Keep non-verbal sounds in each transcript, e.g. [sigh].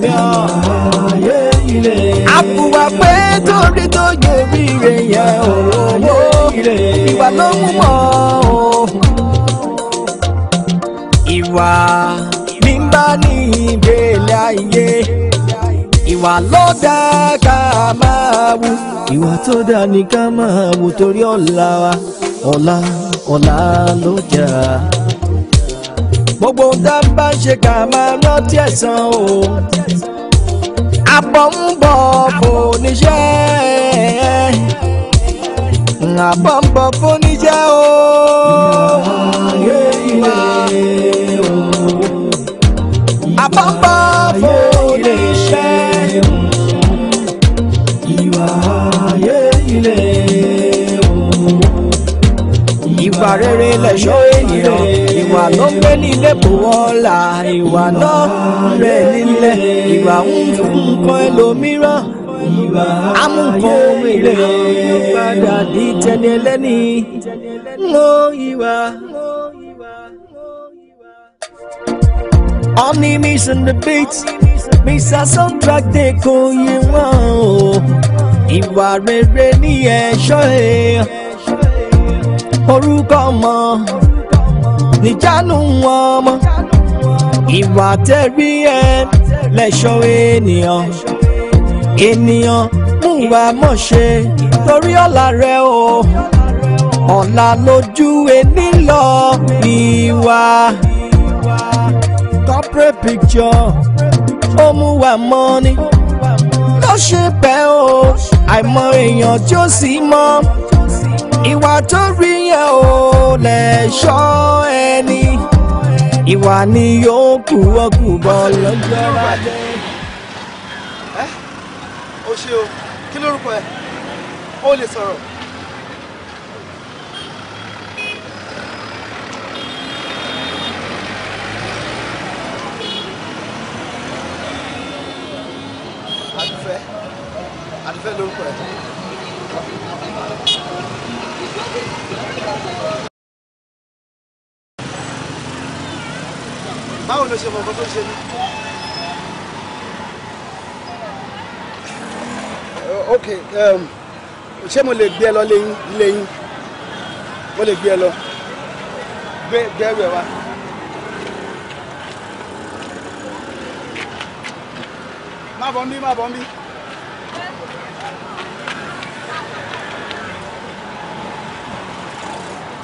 mi ọ̀. àbùwà pé torí tó yẹ rire yẹn owó ìwà ló mú mọ́ o. ìwà mi ń bá ní ìbéèlè ayé ìwà ló dá ká máa wù. ìwà tó dá ní ká máa wù torí ọ̀la wa ọ̀la ọ̀la ló jà. Ja gbogbo tá a bá ṣe ká máa rántí ẹ̀san o àbọ̀ ń bọ̀ fòníṣẹ́ àbọ̀ ń bọ̀ fòníṣẹ́ o. ń bọ̀ fòníṣẹ́. ìwà o. ìwà rere lẹ̀ṣọ́ ènìyàn ìwà ló gbé nílé kò wọ́lá ìwà ló gbé nílé ìwà ń fún nǹkan ẹlòmíràn amúkọ ilé padà di tẹni ẹlẹ́ni mọ ìwà. Only miss the beat, miss a soundtrack they call you wow. Ìwà rere ni e ẹ̀, orúkọ mọ́ níjànú ọmọ ìwà tẹ̀rí ẹ lẹ́ṣọ́ ènìyàn ènìyàn múwa mọ̀ṣe torí ọ̀la rẹ o ọ̀la lójú ẹni lọ ìwà corporate picture ó mú wa mọ́ ni ló ṣe bẹ́ẹ̀ o àìmọ̀ èèyàn tí ó sì mọ́ ìwà tó rí yẹn ò lè ṣọ́ ẹni ìwà ni yóò kú ọkù bọ́ lọ́jọ́ ajé. ẹ o ṣe o kí lórúkọ ẹ o lè sọ̀rọ̀. àdùfẹ́ àdùfẹ́ lórúkọ ẹ. báwo ló ṣe mọ̀ nǹkan tó ń ṣe ní. ok um, ṣé mo lè gbé ẹ lọ ilé yín mo lè gbé ẹ lọ gbé ẹrù ẹ wá. má bọ̀ ń bí má bọ̀ ń bí.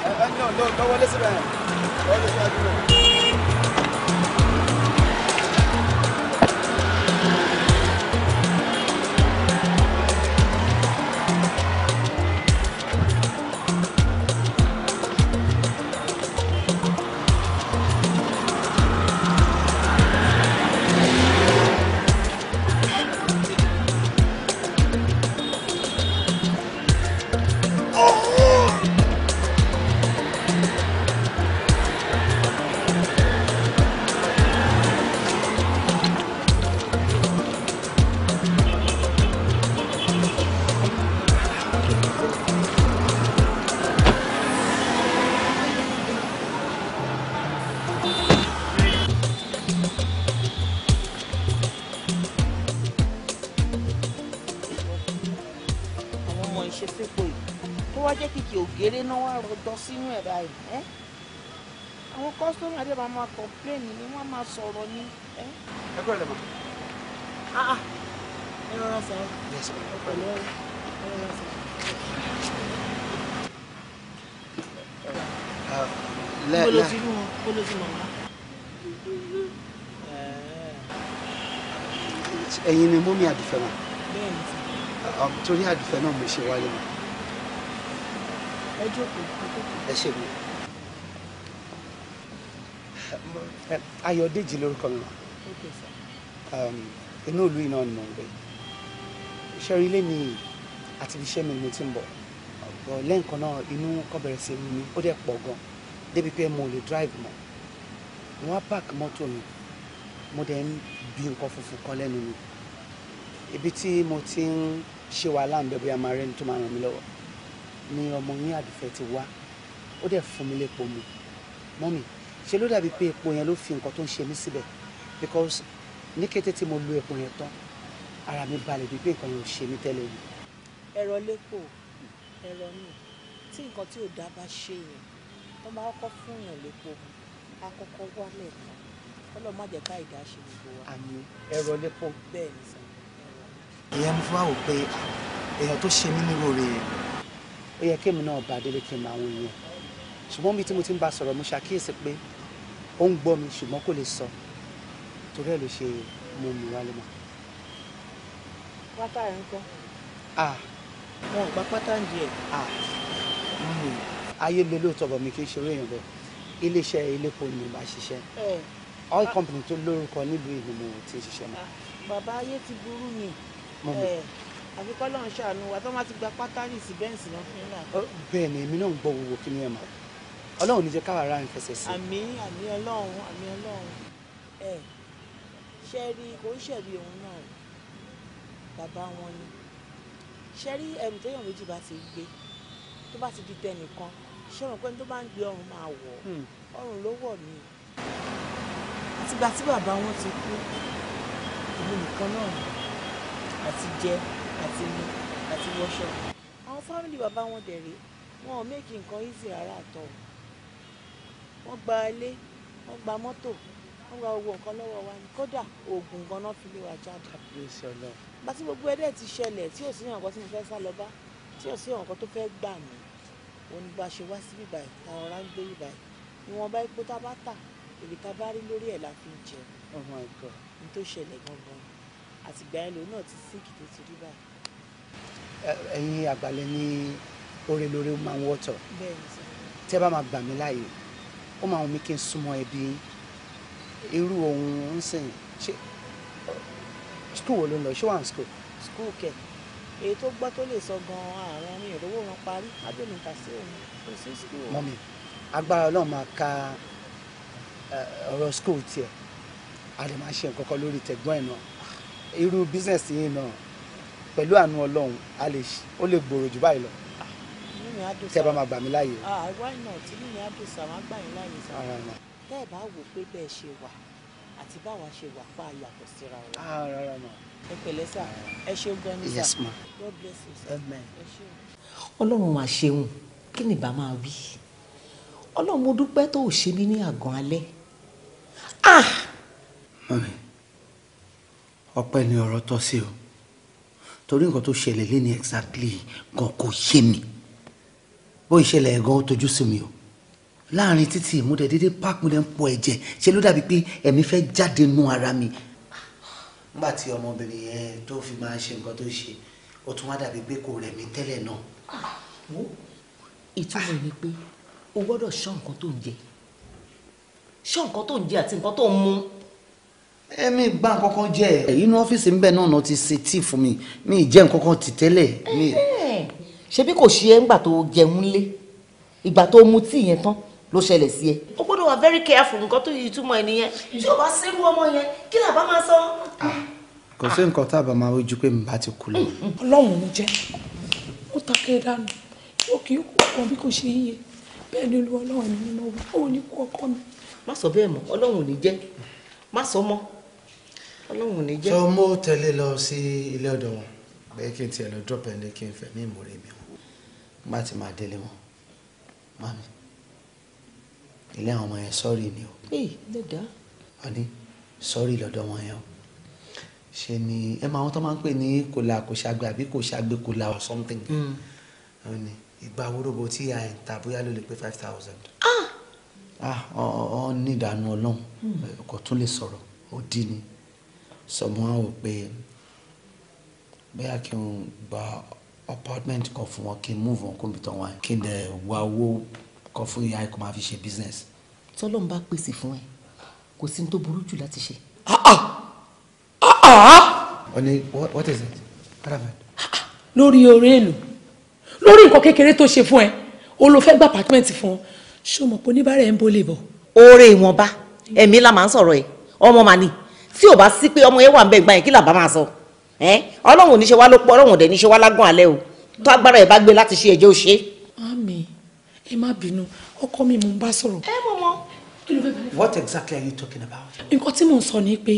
ẹ ẹ ní ọ̀dọ́ àwọn kọ́sítọ́mù adé máa máa kọ̀pléènì ni wọ́n máa sọ̀rọ̀ ni. ẹ kọ́ ilẹ̀ mọ́. ẹ rọra sọ ọ pẹ̀lú ẹ rọra sọ. kóló ti mú kóló ti mọ̀ wá. ẹ̀yin ni mú mi àdìfẹ́ mọ́. bẹ́ẹ̀ni sọ uh, torí àdìfẹ́ náà mo ṣe wálé mọ́. ẹ ṣe mi. Ayọ̀dèjì lórúkọ mi wà inú ìlú iná ni mò ń gbé iṣẹ́ ilé mi àti iṣẹ́ mi ni mo ti ń bọ̀ bọ̀ lẹ́ǹkan náà inú kọ́ bẹ̀rẹ̀ sí rú mi ó dẹ̀ pọ̀ gan débi pé mo lè drive mọ́ wọ́n á park mọ́tò mi mo dẹ̀ ń bí nǹkan funfun kan lẹ́nu mi ibi tí mo ti ń ṣe wàhálà ń bẹ bóyá máa rẹ́ni tó máa ràn mí lọ́wọ́ ni ọmọ yín àdùfẹ́ ti wá ó dẹ̀ fún mi lépo mu mọ́mì ṣe ló dàbí pé epo yẹn ló fi nǹkan tó ń ṣe mí síbẹ̀ because ní kété tí mo lo epo yẹn tán ara mi balẹ̀ bíi pé nǹkan yẹn ò ṣe mí tẹ́lẹ̀ yìí. ẹ̀rọ lépo ẹ̀rọ nù tí nǹkan tí ò dá bá ṣe yẹn tó bá kọ́kọ́ fún yàn lépo akọ́kọ́ wálẹ̀ kan ọlọ́run má jẹ́ ká ìdá ṣe gbogbo wa. àmì ẹ̀rọ lépo. bẹ́ẹ̀ ni sàn. ìyẹn mo fún wa wò pé èèyàn tó ṣe mí nírò rè é. ó yẹ kéèmí náà bá délé kí n máa wọ ìyẹn ṣùgbọ́n bíi tí mo ti ń bá sọ̀rọ̀ mo ṣàkíyèsí pé ó ń gbọ́ mi ṣùgbọ́n kò lè sọ torí ẹ̀ ló ṣe mú mi wálé mọ́. pátá ẹ̀ ń kọ́. wọn ò gba pátá ń di ẹ̀. ayé mi lóòótọ́ bọ̀ mi kì í ṣeré èèyàn bẹ́ẹ̀ iléeṣẹ́ iléepo ni mo bá ṣiṣẹ́ oil company tó lórúkọ nílùú ìlú mo ti ṣiṣẹ́ mọ́. bàbá ayé ti burú mi àfikọ́ lọ́n ṣàánú wa tó má ti gba pátá ní ìsìbẹ́ǹsì náà fún mi. bẹ́ẹ̀ ni èmi náà ń gbọ́ gbogbo kí ni ẹ̀ máa ọlọ́run ní jẹ́ káwa ara rìn fẹsẹ̀ sí. àmín àmín ọlọ́run àmín ọlọ́run ẹ ṣe rí kò ń ṣẹ̀bi òun náà bàbá wọn ni ṣe rí ẹrù téèyàn méjì bá ti gbé tó bá ti di tẹnìkan ṣé òun pé tó bá ń gbé ọrùn máa wọ̀ hmm. ọrùn ló wọ̀ mí àtìgbà tí bàbá wọn ti kú ìlú nìkan náà àti jẹ àti mu àti wọṣọ àwọn fámìlì bàbá wọn dẹ̀ rèé wọn ò méjì nǹkan easy rárá àtọ̀ wọ́n gba ilé wọ́n gba mọ́tò wọ́n gba owó nǹkan lọ́wọ́ wa ni kódà oògùn ganan fi lé wa jáde. bá tí gbogbo ẹdẹ ti ṣẹlẹ̀ tí ò sí ìrànwọ́ tí mo fẹ́ sá lọ bá tí ò sí ìrànwọ́ tó fẹ́ gbà mí òun bá ṣe wá síbí báyìí táwọn ará ń gbé yìí báyìí ìwọ̀nba epo tá a bá tà èyí tá a bá rí lórí ẹ̀ la fi ń jẹ oh my God ní tó ṣẹlẹ̀ gangan àtìgbà yẹn lòun náà ti síkì tó ti rí báyìí. ẹ̀yin àgbàlẹ̀ ni oore lóore máa ń wọ́tọ̀ tí ẹ bá máa gbà mí láàyè ó máa wùn mí kí n súnmọ́ ẹbí irú ohun ń sìn ṣe school wo ló ń lọ ṣé wà ní school. school kẹ èyí tó gbọ́ tó lè sọ gan-an àrùn mi ìrówó wọn parí ábẹ́mi sí òun kò sí school. mọ́mi agbára ọlọ́run máa ka ọ̀rọ̀ school tiẹ̀ a lè máa ṣe nǹkan lórí tẹ̀gbọ́n ẹ̀ náà irú business yìí náà pẹ̀lú àánú ọlọ́run ó lè gbòòrò jù báyìí lọ tí a bá máa gbà mí láàyè. ah why not tínú mi á dùn sá máa gbà yín láàyè sá. tẹ́ ẹ bá wò pé bẹ́ẹ̀ ṣe wà àti báwa ṣe wà fún àyàtọ̀ síra wa. ah rárá ma. ẹ pẹ̀lẹ́ sá ẹ ṣeun gan ni sá. yes ma. God bless you sir. amen. ẹ ṣeun. ọlọ́run máa ṣeun kí ni ìbá máa wí ọlọ́run mo dúpẹ́ tó ò ṣe mí ní àgàn alẹ́ ah. mami ọpẹ́ ni ọ̀rọ̀ tọ́ sí o torí nǹkan tó ṣẹlẹ̀ lé ní exactly gan kò yé mi bó ìṣẹ̀lẹ̀ ẹ̀gàn ó tojú sí mi o láàrin títí ìmúdẹ dédé páàkì lẹ ń pọ ẹ̀jẹ̀ ṣe ló dàbí pé ẹ̀mí fẹ́ jáde nú ara mi nígbà tí ọmọbìnrin yẹn tó fi máa ṣe nǹkan tó ṣe ó tún wá dàbí pé kò rẹ̀ mí tẹ́lẹ̀ náà. ìtumọ̀ ni pé o gbọ́dọ̀ ṣọ́ nǹkan tó ń jẹ ṣọ́ nǹkan tó ń jẹ àti nǹkan tó ń mu. ẹ̀mí gbá nǹkan kan jẹ́ ẹ̀ inú ọ́fíìsì ń bẹ̀ náà ti ṣe tíì fún mi mi ì jẹ́ nǹkan kan tì tẹ́lẹ̀ mi ṣebí kò ṣe é ńgbà tó jẹun lé ìgbà tó mu tíì yẹn tán ló ṣẹlẹ̀ sí ẹ. o gbọ́dọ̀ wà very careful nǹkan tó yí ìtumọ̀ ẹ nìyẹn tí o bá sírú ọmọ yẹn kí là bá máa sọ. kò sí nǹkan tá a bá máa rojú pé mi bá ti kú lọ. ọlọ́run ń jẹ́ ó ta kẹ́ ẹ dànù yóò kí ó kú ọkọ bí kò ṣe yíye bẹ́ẹ̀ ni olú ọlọ́run ní nínú ọwọ́ ó ní kú ọkọ mi. má sọ bẹ́ẹ̀ mọ́ ọlọ́run ò ní jẹ́ má sọ mọ́ ọlọ́run ò ní jẹ́. sọ mo tẹ̀lé lọ sí ilé ọ̀dọ̀ wọn bẹ́ẹ̀ drop ẹ̀ ní kí n fẹ̀ ní w bá ti máa délé wọn mami ilé àwọn ọmọ yẹn sọ́ọ̀rì ni o. ee dada. wọ́n ní sọ́ọ̀rì lọ́dọ̀ wọn yẹn o ṣe ni ẹ máa wọn tó máa ń pè ní kòlà kò ṣàgbé àbí kò ṣàgbé kòlà or something. wọ́n hmm. ní ìgbà wóróbo tí a ń ta bóyá ló lè pé five thousand. ah, ah ọ ní ìdààmú ọlọ́run hmm. kò tún lè sọ̀rọ̀ ó dín ní sọmọ àwọn pé bóyá kí n gba apartment kan fún wọn kí n move wọn kó mi tán wọn kí n dẹ̀ wá owó kan fún ìyá ẹ̀kọ́ máa fi ṣe business. tọ́lọ́n bá pèsè fún ẹ kò sí ní tó burú jù láti ṣe. Ah, ah, ah, ọ̀nì what is it? lórí oore èlò lórí nǹkan kékeré tó ṣe fún ẹ o ló fẹ́ gba apartment fún ọ o mọ̀ pé oníbàárà ẹ̀ ń bó lè bọ̀. oore ìwọ̀nba ẹ̀mí la máa ń sọ̀rọ̀ ẹ̀ ọmọ màní tí ò bá sí pé ọmọ yẹn wà ń bẹ̀ gbà yẹn kí làbá máa sọ. Eh? ọlọ́run ò ní ṣe wá ló ọlọ́run ò ní ṣe wá lágùn alẹ́ o tó agbára ẹ̀ bá gbé láti ṣe ẹ̀jẹ̀ ṣe. mami ẹ má bínú ọkọ mi mò ń bá sọ̀rọ̀. ẹ mọ mọ. what exactly are you talking about. nǹkan tí mò ń sọ ni pé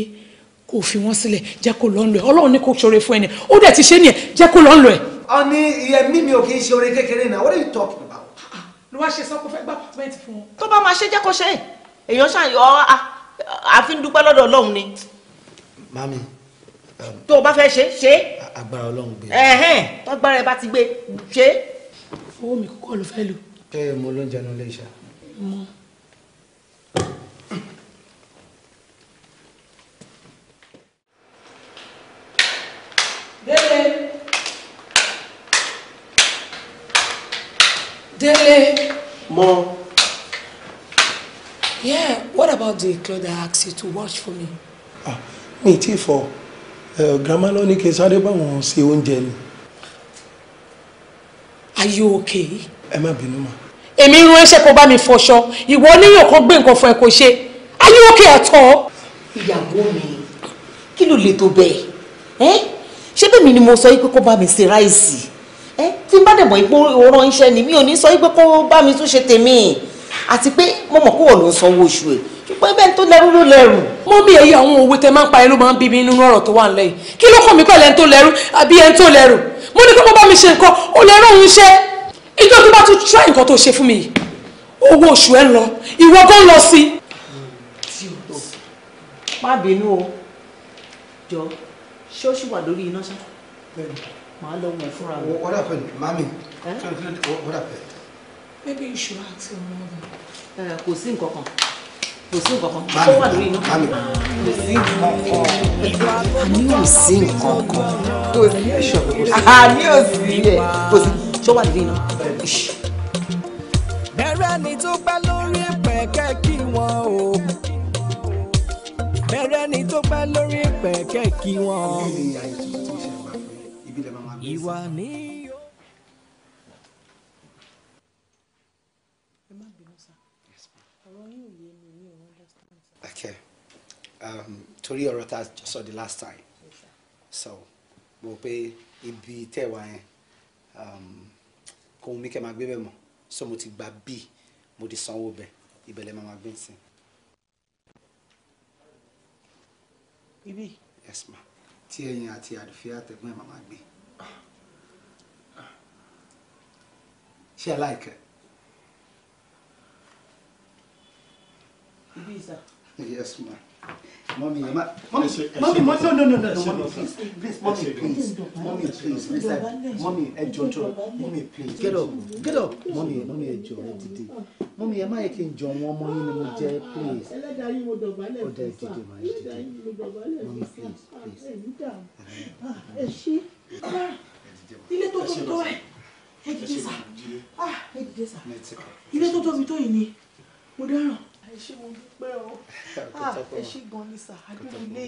kò fi wọn sílẹ̀ jẹ́ kó lọ́n lọ ẹ̀ ọlọ́run ní kò ṣoore fún ẹni ó dẹ̀ ti ṣe ni ẹ̀ jẹ́ kó lọ́n lọ ẹ̀. ọ̀ni ìyẹn mímí ò kì í ṣe oore kékeré náà what are you talking about. Ah, ah. ló wá ṣe sọ pé fẹ́ gbà pẹ́ẹ́tì fún wọn. tó bá máa ṣe jẹ́ kó ṣe é èèyàn ṣàyọ̀ àfi ń dúpẹ́ lọ́dọ̀ ọlọ́run ni. mami Um, tó o bá fẹ́ ṣe ṣe. agbára Ọlọ́run gbé. ẹhẹn tọgbára ẹ bá ti gbé ṣe. owó mi kúkọ ló fẹ́ lò. ẹ mo ló ń jẹun lé iṣẹ́. mo. délé délé. mo. yeah what about the cloth I asked you to wash for me. ah mi ti fọ. Eh, grandma ló ní kí n sáré báwọn ṣe oúnjẹ ni. Are you okay? ẹ má bínú mà. èmi ń ránṣẹ́ kó bá mi fọṣọ ìwọ oníyàn kan gbé nǹkan fún ẹ kó ṣe Are you okay at all? ìyàwó mi kí ló lè tó bẹ́ẹ̀ ṣé bẹ́ẹ̀ mi ni mo sọ yìí pé kó bá mi ṣe ráìsì tí n bá dẹ̀ mọ̀ ipò òran iṣẹ́ ni mi ò ní sọ yìí pé kó bá mi tún ṣe tèmi àti pé mo mọ̀ kó wọ̀ ló ń sanwó oṣù ẹ̀ pé bẹ́ẹ̀ tó lẹ́rú ló lẹ́rù. mo mi èyí àwọn òwe tẹ máa ń pa ẹnu máa ń bí mi nínú ọ̀rọ̀ tó wà nílẹ̀ yìí kí ló kàn mí pẹ̀lẹ́ ẹni tó lẹ́rú àbí ẹni tó lẹ́rù mo ní kó bá mi ṣe nǹkan ó lẹ́rù òun ṣe ìjọ tó bá tún tíra nǹkan tó ṣe fún mi owó oṣù ẹ lọ ìwọ gan lọ sí. má bínú o jọ ṣé ó ṣì wà lórí iná ṣá màá lọ wọ̀ fúnra mi. wọ́n dàpẹ́ mami wọ́n dàpẹ́. maybe you should ask your mother. kò sí nǹkan kan kò sí nǹkan kan ó wà lórí inú kan kò sí nǹkan kan. àní ò sí nǹkan bẹ̀rẹ̀ ni tó pẹ́ lórí pẹ̀kẹ́ kí wọ́n o bẹ̀rẹ̀ ni tó pẹ́ lórí pẹ̀kẹ́ kí wọ́n o ìwà ní. Um, torí ọ̀rọ̀ tá a sọ the last time so mo pe ibi tẹ́ wá yẹn um, kò mí kẹ́ máa gbé bẹ́ẹ̀ mọ́ so mo ti gba bíi mo ti sanwó bẹ́ẹ̀ ìbẹ̀lẹ̀ máa máa gbé sí. ibi. yes ma tí ẹ̀yin àti àdùfẹ́ àtẹ̀gbọ́n ẹ̀ máa máa gbé. ṣé ẹ láìkẹ́. ibi ìsà. yes ma. Mommy, mommy, mommy, no, no, no, no, mommy, please, please, mommy, please, mommy, please, listen, mommy, ẹ jọ̀ọ́, jọ̀ọ́, mommy, please, get up, get up, mommy, mommy, ẹ jọ̀ọ́, ẹ dìde, mommy, ẹ má yẹ kí n jọ wọn ọmọ yín ni mo jẹ, please, ó dẹ dìde, má yẹ dìde, mommy, please, ah, please, ah, ah, ilé tó tóbi tó ẹ ẹ dìde sá ilé tó tóbi tó yìí ni mo dáràn ẹ ṣé mo dúpẹ́ o ẹ ah, ṣé gan ni sà àdúrà ilé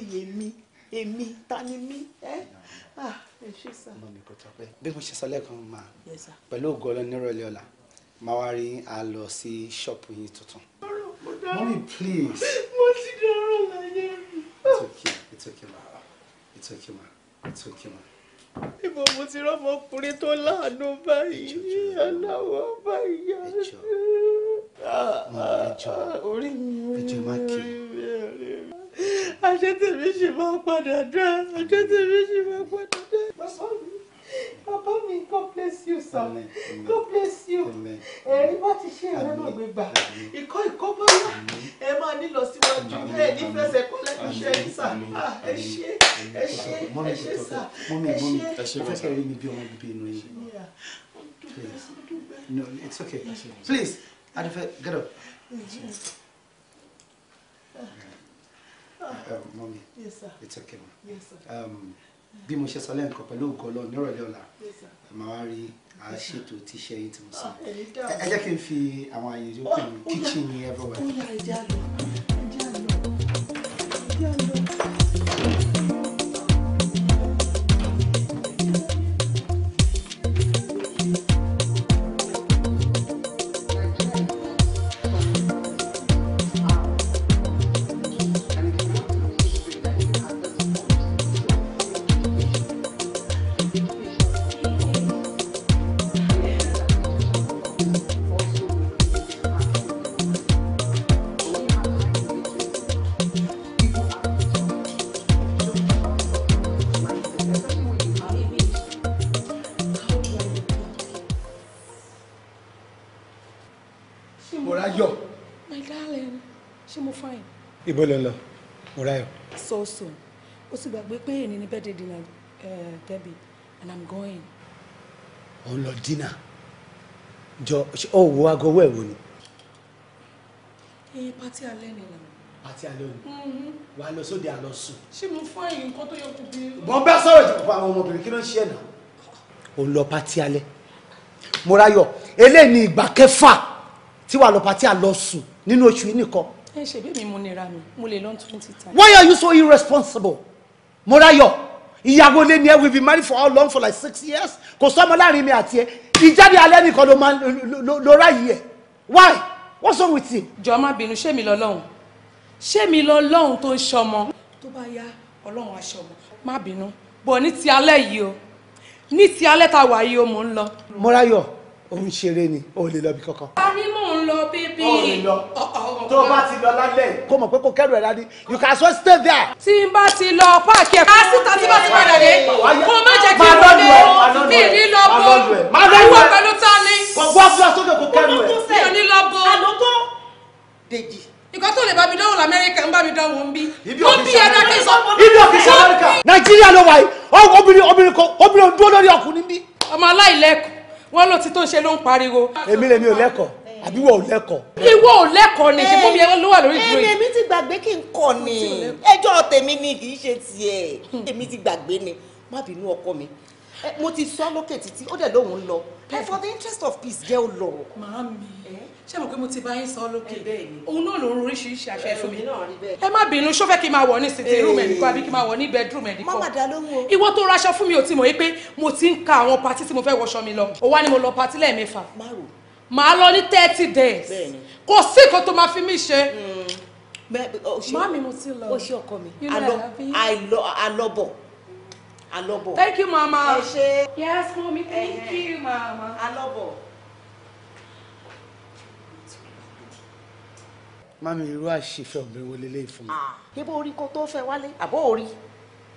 èmi ta ni mí ẹ ẹ ah, ṣé sà. ọmọ mi kò tọ́ pé bí mo ṣe sọ lẹ́ẹ̀kan máa pẹ̀lú ògo ọlọ́run nírọ̀lẹ́ ọ̀la máa wá rí a lọ sí ṣọ́ọ̀pù yín tuntun. mommy please. mo ti dọ̀rọ̀ láyé mi. it's okay ma it's okay ma it's mo ti rọmọkùnrin tó láàánú báyìí aláwọ báyìí ẹjọ orí mi ẹjọ má kí àṣẹ tèmi ṣì máa padà dá àṣẹ tèmi ṣì máa padà dá bàbá mi bàbá mi God bless you sir God bless you ẹ̀rí bá ti ṣe ìrẹ́ náà gbé gbà ìkọ́ ìkọ́ bá wà ẹ máa nílọ síwájú ẹ ní fẹsẹ̀ kọ́ lẹ́nu iṣẹ́ yìí sà ah, ẹ ṣe ẹ ṣe ẹ ṣe sà ẹ ṣe ẹ ṣe fẹsẹ̀ rí mi bí ọmọ bíbí inú yìí. No, it's okay. Please, Adifa, get up. Yes, sir. okay ma um, bí mo ṣe sọ lẹ́ǹkan pẹ̀lú ògo Ọlọ́run nírọ̀lẹ́ ọ̀la màá wá rí àṣètò tíṣẹ́ yìí tí mo sọ ah, ẹ jẹ́ kí n fi àwọn àyè yòókù mi kíchìn ní everywhere. ibo ló ń lọ Mọ́ráyọ̀. so soon ó sì gbàgbé pé èyí ni birthday dinner Debbie and i'm going. ó lọ dinner jọ ọ wo aago ọwọ́ ẹ̀ wò ni. ẹyin pátí alẹ́ ni ìlànà. pátí alẹ́ òní mm-hmm. wàá lọ sóde àlọ́ sùn. ṣé mo fún ẹ̀yin nǹkan tó yẹ kó bí. mo bẹ́ sọ̀rọ̀ ìjọba àwọn ọmọbìnrin kí ló ń ṣe ẹ̀ náà. ó lọ pátí alẹ́ Mọ́ráyọ̀ eléyìí ni ìgbà kẹfà tí wàá lọ pátí àlọ́ sùn nínú oṣù yìí nìkan Eh, why are you so irresponsible Morayo? ìyàwó lé ní ẹ we been married for how long for like six years kò sọ́mọ láàrin mi àti ẹ ìjáde alẹ́ nìkan ló máa ló ráyè ẹ why what's wrong with you. jọ má bínú ṣé mi lọ lọ́hùn ṣé mi lọ lọ́hùn tó ń ṣọmọ tó bá yá ọlọ́run aṣọmọ má bínú bọ̀ ní ti alẹ́ yìí o ní ti alẹ́ ta wà yìí o mò ń lọ. Mọ́ráyọ̀ òun ṣeré ni o ò lè lọ bí kankan. a rí tó bá ti lọ lálẹ́ kó mọ̀ pé kó kẹ́rù ẹ̀ dání you can so stay there. tí n bá ti lọ páàkì ẹ̀ kó síta tí bá ti padà dé kó má jẹ́ kí n lọlé mi ní lọ bó owó pẹ̀lú tá a gbogbo àfúrà sókè kó kẹ́rù ẹ̀. mi ò ní lọ bó. àlọ́kọ́ dèjì. ìkọ́ tó lè bá mi dánwò lamẹ́ríkà ń bá mi dánwò ń bí. ibi òfìsì amẹ́ríkà nàìjíríà ló wáyé obìnrin obìnrin kan obìnrin dúró lórí ọkùnrin bí. ọmọ aláìlẹ́kọ̀ọ́ wọn ló ti tó ṣe ló ń pariwo. èmi lèmi ò lẹ́kọ̀ọ́ àbí wọ́n ò lẹ́kọ̀ọ́. ìwọ ò lẹ́kọ̀ọ́ ni ṣe fúnmi ló wà lórí ìdúró yìí. èmi ti gbàgbé kí n kọ ni ẹjọ́ tèmi ni kì í ṣe tiẹ̀ hmm. èmi ti gbàgbé ni má bínú ọkọ mi mo ti sọ lókè títí ó dẹ̀ lóun lọ for the interest of peace jẹ́ ò lọ. màámi ṣé mo pé mo ti bá yín sọ lókè òun náà lòun oríṣiríṣi àṣẹ fún mi ẹ má bínú ṣó fẹ́ kí n máa wọ̀ ní sitting room ẹ̀dínkọ́ àbí kí n máa wọ̀ ní bedroom ẹ̀dínkọ́ ìwọ tó raṣọ fún mi ò ti mọ̀ yí pé mo ti ń ka àwọn patí tí mo fẹ́ wọṣọ mi lọ òwa ni mo lọ patí lẹ́ẹ̀mẹ́fà. má rò màá lọ ní thirty days kò sí nǹkan tó máa fi mí hmm. ṣe mami mo ti lọ o ṣe ọkọ mi alọbọ alọbọ thank you mama ẹ ṣe yes mommy thank you mama alọbọ. mami irú àṣìfẹ́ obìnrin wo lélẹ́yìí fún mi. Ah, ibo orí kò tó fẹ́ wálé àbọ̀ orí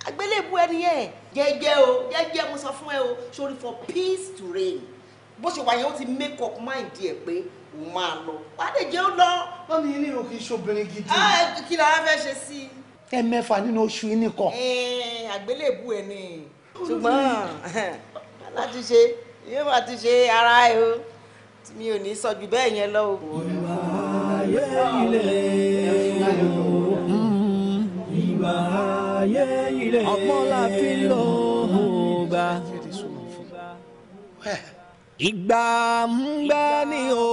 agbélébùú ẹni yẹn jẹ́jẹ́ o jẹ́jẹ́ mo sọ fún ẹ o sori for peace to reign bó ṣe wáyé ó ti make up mind ẹ̀ pé òun máa lọ wádìjẹ́ ó lọ. wọ́n ní ilé ìròkè ìṣòbìnrin gidi. Ah, kí la fẹ́ ṣe sí i. ẹ mẹ́fà nínú oṣù yìí nìkan. àgbélébù ẹ̀ ni ṣùgbọ́n láti [laughs] ṣe yóò máa ti ṣe ara ẹ o mi ò ní sọ jù bẹ́ẹ̀ yẹn lọ ìwà ayé ilé ìwà ayé ilé ọgbọ́n fi lọ́ọ́ gbà ìgbà ń gbá ní o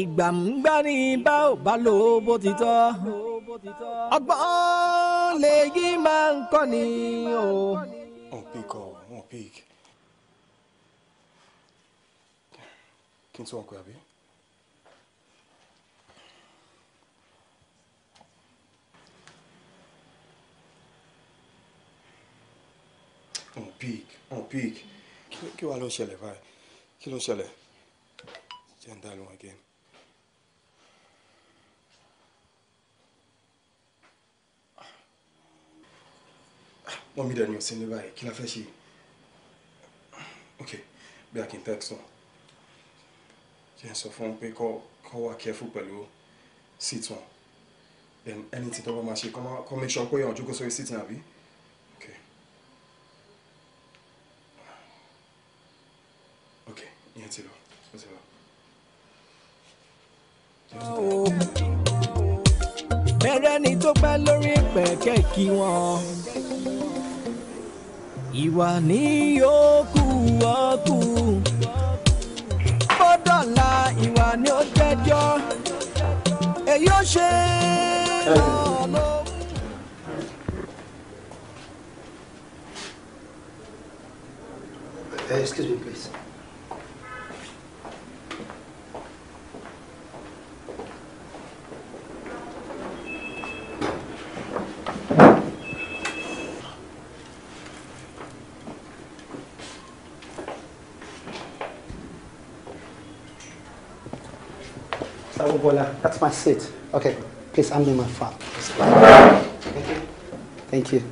ìgbà ń gbá ní bá ò bá lò ó bó ti tọ́ ọgbọ́n lèyí máa ń kọ́ ni o. kí n tún ọkọ àbí. On pique, on pique kí wàá ló ń ṣẹlẹ̀ báyìí kí ló ń ṣẹlẹ̀ jẹ́ ń dá lóhùn again. wọ́n mi dẹ̀ ní òsín ní báyìí kí la fẹ́ ṣe ok bí a kì í text wọn jẹ́ ń sọ fún wọn pé kọ́ wá careful pẹ̀lú seat wọn then anything tó bá máa ṣe kọ́ make sure pé ọ̀n jókòó sórí seat yẹn àbí. ìyẹn ti lọ ó ti lọ. bẹ́rẹ̀ ni tó pẹ́ lórí pẹ̀kẹ́ kí wọ́n ìwà ní yòókù ọ̀kù ó dọ̀la ìwà ni ó jẹjọ́ èyí ó ṣe lọ́wọ́. Excuse me, please. That's my seat. Okay. Please hand me my phone. Thank you. Thank you.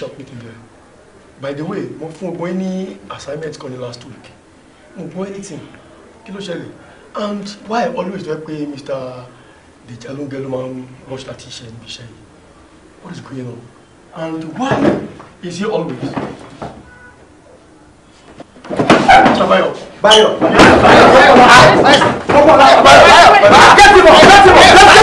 sharp with you by the way mo fún ọgbọ́n ní assignment kan last week mo gbọ́ anything kí ló ṣẹlẹ̀ and why always jẹ́ pé mr The ló ń gẹ́ ló máa ń rush láti iṣẹ́ níbi iṣẹ́ yìí what is going on and why is he always. Báyọ̀ Báyọ̀ Báyọ̀ Báyọ̀ Báyọ̀ Báyọ̀ Báyọ̀ Báyọ̀ Báyọ̀ Báyọ̀ Báyọ̀ Báyọ̀ Báyọ̀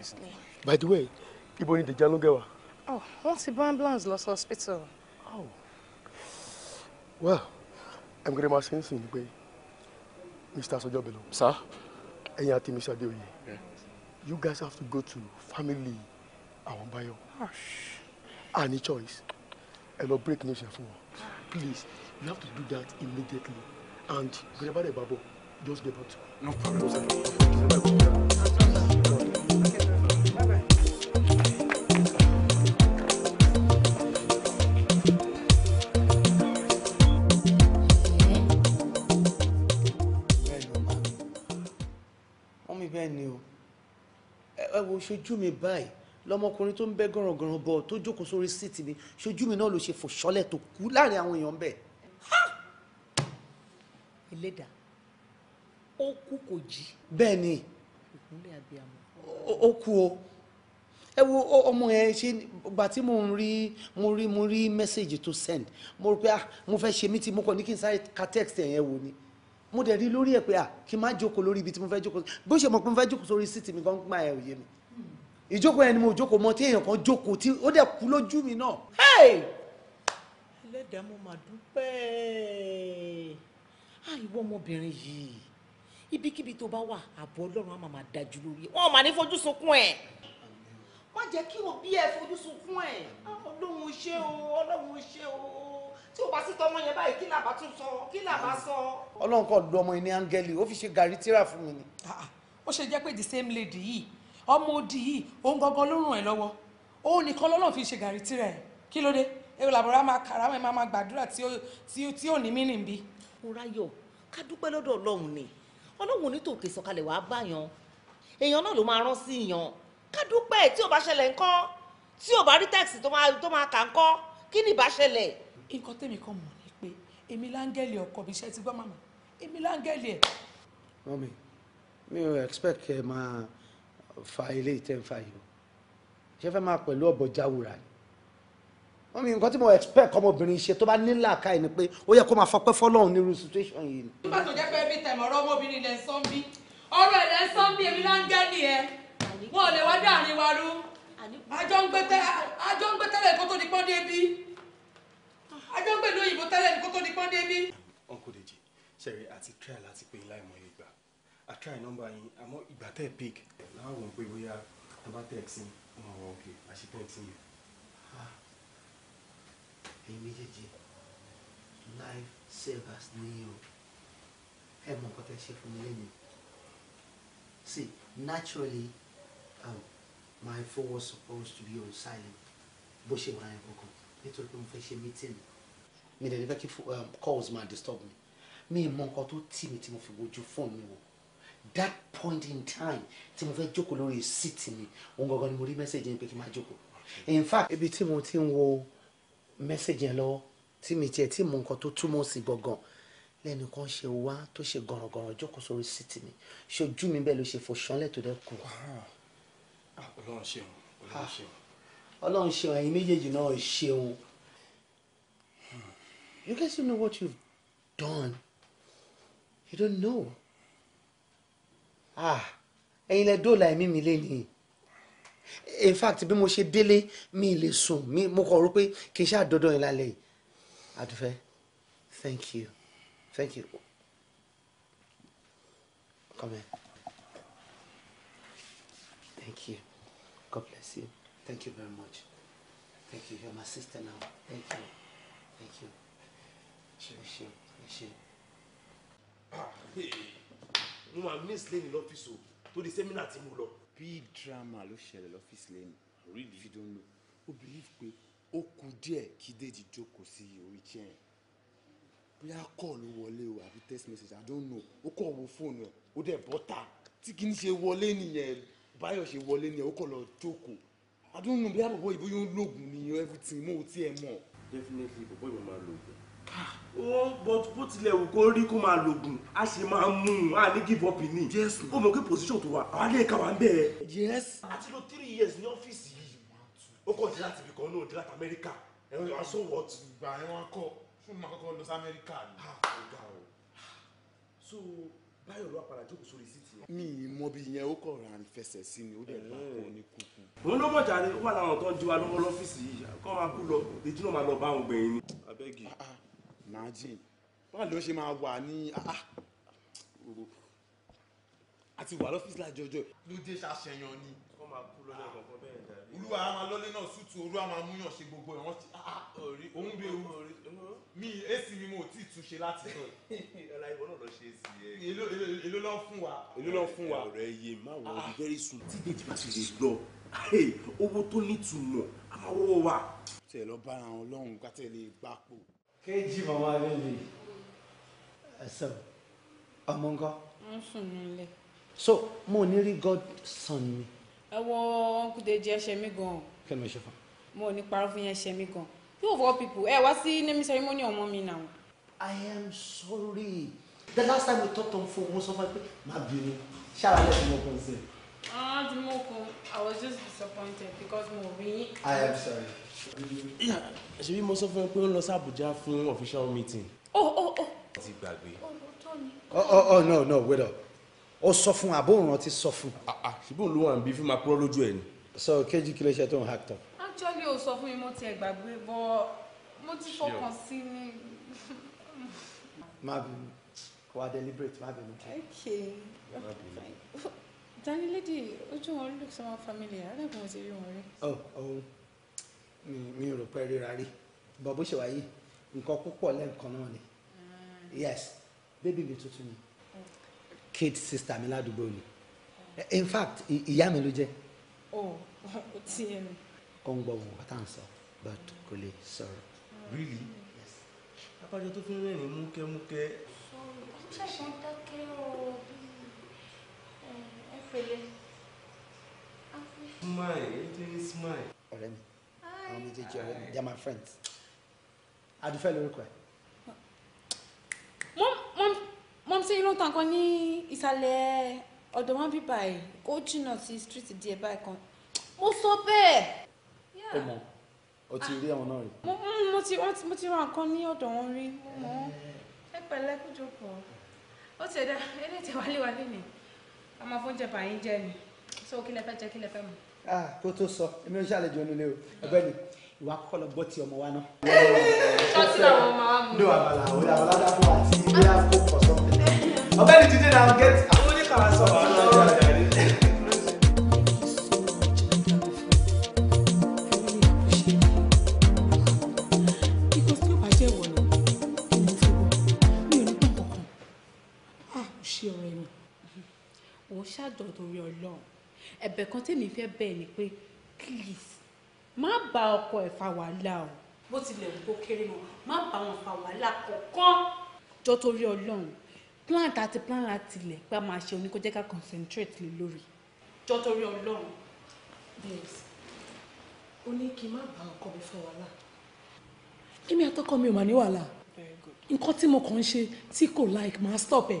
obviously. By the way, ibo need Dejan Lungẹ wà? Oh, wọ́n the bá ambulance lost hospital. Oh. Well, I'm going to máa ṣe ń Mr. Sọjọ́ Sir, Sir? Ẹ̀yin àti Mr. Adeoye. You guys have to go to family àwọn Bayo. Any choice. Ẹ lọ break news yẹn fún wọn. Please, you have to do that immediately. And whenever they babo, just get back to me. No problem, sir. ṣojú mi báyìí lọmọkùnrin tó ń bẹ gànràngànràn bọ tó jókòó sórí síìtì mi ṣojú mi náà ló ṣe fòṣọlẹ tó kú láàrin àwọn èèyàn bẹ́ẹ̀. ẹlẹ́dà ó kú kò jí. bẹ́ẹ̀ ni ó kú o ẹ wo ọmọ yẹn ṣe gbà tí mo rí mo rí mo rí mẹ́sẹ̀gì tó send mo rò pé ah mo fẹ́ ṣe meeting mo kàn ní kí n sáré ka text ẹ̀ yẹn wò ni mo dẹ̀ rí lórí ẹ̀ pé à ah, kí n má jókòó lórí ibi tí mo fẹ́ jókòó bó ṣe mọ̀ pé mo fẹ́ jókòó sórí síìtì mi gan gbà ẹ̀ òye mi ìjókòó yẹn ni mo jókòó mọ tí èèyàn kan jókòó tí ó dẹ̀ kú lójú mi náà. ẹlẹ́dàá mo mà dúpẹ́ àìwọ ah, ọmọbìnrin yìí ibikíbi tó bá wà ààbò ọlọ́run á máa máa dájú lórí ẹ̀ wọ́n máa ní fojú sunkún ẹ̀ má jẹ́ kí òbí ẹ̀ fojú sunkún ẹ̀ ah, ọlọ́run ó ṣe o ọlọ́run ó ṣe o tí o bá sí tọmọ yẹn báyìí kí là bá tún sọ kí là bá sọ. ọlọ́run kò lu ọmọ yẹn ní áńgẹ́lì ó fi ṣe gàrí tíra fún mi ni. Ah, ó ṣe jẹ́ pé the same lady yìí ọmọ òdì yìí òun gangan ló ràn ẹ́ lọ́wọ́ òun nìkan lọ́lọ́run fi ṣe gàrí tirẹ̀ kí ló dé èrò làbọ̀rọ̀ máa kàrà ẹ̀ máa gbàdúrà tí ò ní mínì bí. mo ká dúpẹ́ lọ́dọ̀ ọlọ́run ni ọlọ́run ò ní tòkè sọ̀kalẹ̀ wàá báyàn èèyàn náà ló máa rán sí yàn ká dúpẹ́ tí ò bá ṣẹlẹ̀ ńkọ́ tí ò bá rí tẹ́ẹ̀sì tó máa kà ńkọ́ kí ni ìbá ṣẹlẹ̀. nǹkan tèmi kan mọ̀ ni pé èmi láńgẹ́lì ọkọ mi ṣe ti gbọ́ màmá èmi láńgẹ́lì ẹ̀. mọ́mi mi ò expect kẹ́ máa fa ilé ìtẹ́nfà yìí o ṣé fẹ́ máa pẹ̀lú ọ̀bọ̀ jáwùrà ni wọ́n mi nǹkan tí mo expect ọmọbìnrin ṣe tó bá ní làákàyè ni pé ó yẹ kó máa fọpẹ́ fọlọ́run nírú situation yìí ni. nígbà tó jẹ́ pé bí tẹ̀mọ̀ ọ̀rọ̀ ọmọbìnrin ilẹ̀ ń sán bí ọ̀rọ̀ ilẹ̀ ń sán bí èmi láńgẹ́ nìyẹn wọn ò lè wá dáàrin wa rú àjọ ń gbé tẹ́lẹ̀ kó tó di pọ́n débi àjọ ń gbé lóyìnbó tẹ́lẹ̀ kó tó di pọ́n débi. ọkọ dèjì ṣẹ̀rí àti try láti pé láìmọ̀ I try nọ́mbà yín àmọ́ ìgbà tẹ́ ẹ̀ pick Now pé bóyá nọ́mbà tẹ́ ẹ̀ sí mo mọ̀ wọ́n òkè àṣetẹ́ ẹ̀ sí yẹn. ẹ̀yin méjèèjì life savers ní o ẹ potential for tẹ́ see naturally um, my phone was supposed to be on silent bó ṣe wà yẹn kankan come pé mo fẹ́ ṣe meeting mi dẹ̀ ní fẹ́ kí um, calls máa disturb me. Me, mọ nǹkan tó tì mí tí mo fi that point in time tí mo fẹ́ jókòó lórí síìtì mi òun gangan ni mo rí mẹ́sẹ̀gì yẹn pé kí n máa jókòó in fact ibi tí mo ti ń wo mẹ́sẹ̀gì yẹn lọ́wọ́ tí mi tiẹ̀ tí mo nǹkan tó túmọ̀ sí gangan lẹ́nu kan ṣe wá tó ṣe gànràngànràn jókòó sórí síìtì mi ṣojú mi bẹ́ẹ̀ ló ṣe fò ṣánlẹ̀ tó dẹ́ kù. Ah, ọlọ́run ṣeun ọlọ́run ah, ṣeun. ọlọ́run ṣeun ẹ̀yin méjèèjì náà ṣeun. Hmm. you guys don't know what you've done you don't know. Ah, ẹ̀yin lẹ dóòlà ẹ̀mí mi lé ni in fact bí mo ṣe délé mi lè sùn mo kọ̀ rò pé kì í ṣe àdọ́dọ̀ yín lálẹ́ yìí thank you thank you come here thank you god bless you thank you very much thank you you're my sister now thank you thank you ṣe ṣe ṣe mo máa miss lẹ́yìn lọ́fíìsì o tó di sẹ́mínà tí mo lọ. big drama ló ṣẹlẹ̀ lọ́fíìsì lẹ́yìn really if you don't know o believe pé ó kù díẹ̀ kí Dèjì jókòó sí orí chair bóyá kọ́ ló wọlé o àbí text message i don't know ó kọ́ wo fóònù ẹ̀ ó dẹ̀ bọ́ta tí kì í ṣe wọlé nìyẹn báyọ̀ ṣe wọlé nìyẹn o kọ́ lọ jókòó i don't know bóyá bọ̀bọ̀ ìbóyún lóògùn nìyẹn everything mo ò tiẹ̀ mọ̀. definitely bọ̀bọ̀ ìbọn máa lo oògùn wọ́n bó tilẹ̀ wù kó rí kó máa lògùn a ṣe máa mú un a ní give up ni. yes o mọ̀ pé position tó wà àwọn alẹ́ ká wà ń bẹ̀rẹ̀. yes. àti lo three years ní ọ́fíìsì yìí ó kàn dé láti ibìkan náà dé láti amẹ́ríkà ẹ̀rọ yóò aṣọ wọ̀ tù. ìgbà yẹn wọn kọ fún mi àkọ́kọ́ lọ sí amẹ́ríkà ni. Ah, ó ga o so báyọ̀ ló àpàdà jókòó sórí síìtì yẹn. mi ì mọ bí yẹn ó kọ̀ ra ń fẹsẹ̀ sí ni ó dẹ̀ bá kọ́ ní kúkú. òun ló mọ̀jà ni ó wà láwọn tó ń jí wa lọ́wọ́ lọ́fíìsì yìí kọ́ máa kú lọ ìdí náà máa lọ bá àwọn gbẹ̀yìn ni. abẹ́gi ah, ah imagine báwo ló ṣe máa wà ní àti ah, ah. wà lọ́fíìsì lájọjọ́ ló dé ṣàṣeyàn ni. kọ́ máa kú lọ́dọ̀ kankan bẹ́ẹ̀ dàbí. olúwa a máa lọ́lé náà sútù olú a máa múyàn ṣe gbogbo ẹ̀ wọ́n ti ah, òun bẹ ewu mi èsì mi mo tí ì túnṣe láti sọ. ọ̀la [laughs] ìwọ náà lọ ṣe èsì ẹ̀. èló ló fún wa. èló ló fún wa. ọ̀rẹ́ yé má wọ orí very soon tí dèjì bá ti lè lọ owó tó nítumọ̀ àmọ́ wa. tẹ̀ lọ bára wọn lọ́hùn-ún kéjì màmá abẹ́lé ẹsẹ ọmọ nǹkan. ń sùn nílé. so mo ní rí god son mi. ẹ wo ọkùnrin ẹ ṣe mí gan. kí ni mo ṣe fún. mo ní parọ́ fún yẹn ṣe mí gan you of all people ẹ wá sí naming ceremony ọmọ mi náà. i am sorry the last time we talked on phone mo sọ fún ẹ pé má bínú ṣáà lẹ́sìn mo kàn sí. ah jimoh kun i was just disappointed because mo rí. i am sorry ṣe bí mo sọ fún ẹ pé ó ń lọ sí Àbújá fún official meeting. ó oh, ó oh, oh. ó. ti gbàgbé. ọ ọ ọ no no wait up ó sọ fún àbóòrán ti sọ fún. Ah, ah, ṣùgbọ́n ló wà níbí fún máa purọ́ lójú ẹ̀ ni. sọ kejì kí ló ṣe tó ń hack tán. actually ó sọ fún mi mo ti ẹ̀ gbàgbé bọ́ mo ti fọkàn sí ni. má bínú wà á deliberate má bínú. okay danilede ojú wọn looks so familiar i don't know if you ti rí wọn rí. oh oh mi mi rò pé ríra rí bọ́ bó ṣe wà yìí nǹkan púpọ̀ lẹ́ǹkan náà ni yes bébí mi tuntun ni kid sister mi ládùúgbò ni in fact ìyá mi ló jẹ́. o o ti ẹ mi. ó ń gbọ́ ohun ọ̀tá ń sọ but kò lè sọ̀rọ̀. really yes. abájọ tó fi ń rẹ́rìn-ín múkẹ́múkẹ́. ṣẹ̀ṣẹ̀ ń dákẹ́ o bí eh, ẹ fẹ́lẹ́. smile it is smile. ọ̀rẹ́ mi àwọn méjèèjì ọ̀rẹ́ mi they are my friends adúfẹ́ lórúkọ ẹ̀. mọ́m ṣe irun tàn kan ní ìsàlẹ̀ ọ̀dọ̀ wọn bíbá ẹ̀ ó jìnnà sí street díẹ̀ báyìí kan mo sọ bẹ́ẹ̀. ó mọ o ti rí àwọn náà rí. mo ti ra nǹkan ní ọ̀dọ̀ wọn rí mo mọ̀ ọ́ ẹ pẹ̀lẹ́ kó jókòó ó ti ẹ̀dá eléyìí tẹ̀ wálé wálé ni a máa fún jẹ bàyín jẹ ni so kí lẹ fẹ́ jẹ kí lẹ fẹ́ mu. Ah, kó tó sọ èmi ò ṣàlejò nílé o ọ̀gbẹ́ni ìwà kọ́kọ́ lọ gbọ́ ti ọmọ wa náà. ṣọ́ọ̀tì làwọn ọmọ wa mú. ní àbàlà àwọn àbàlà dàpọ̀ àti ilé àpò kọ̀sọ́. ọ̀gbẹ́ni jíjẹ náà get àwọn oníkàwá sọ àwọn ọjọ́ àjà rẹ̀. ṣe ọ̀rọ̀ ẹ̀mí òun ṣàjọ torí Ọlọ́run ẹ̀bẹ̀ kan tèmi fẹ́ bẹ́ẹ̀ ni pé please má bá ọkọ ẹ̀ fa wàhálà o bó tilẹ̀ kó kéré mọ́ má bá wọn fa wàhálà kọ̀ọ̀kan jọ torí ọlọ́run plant àti plant láti ilẹ̀ pé a máa ṣe oníkójẹ́ ká concentrate lé lórí jọ torí ọlọ́run. babes o ní kí n má bá ọkọ mi fa wàhálà èmi àtọkọ mi ò mà ní wàhálà nǹkan tí mo kàn ń ṣe tí kò like máa stop ẹ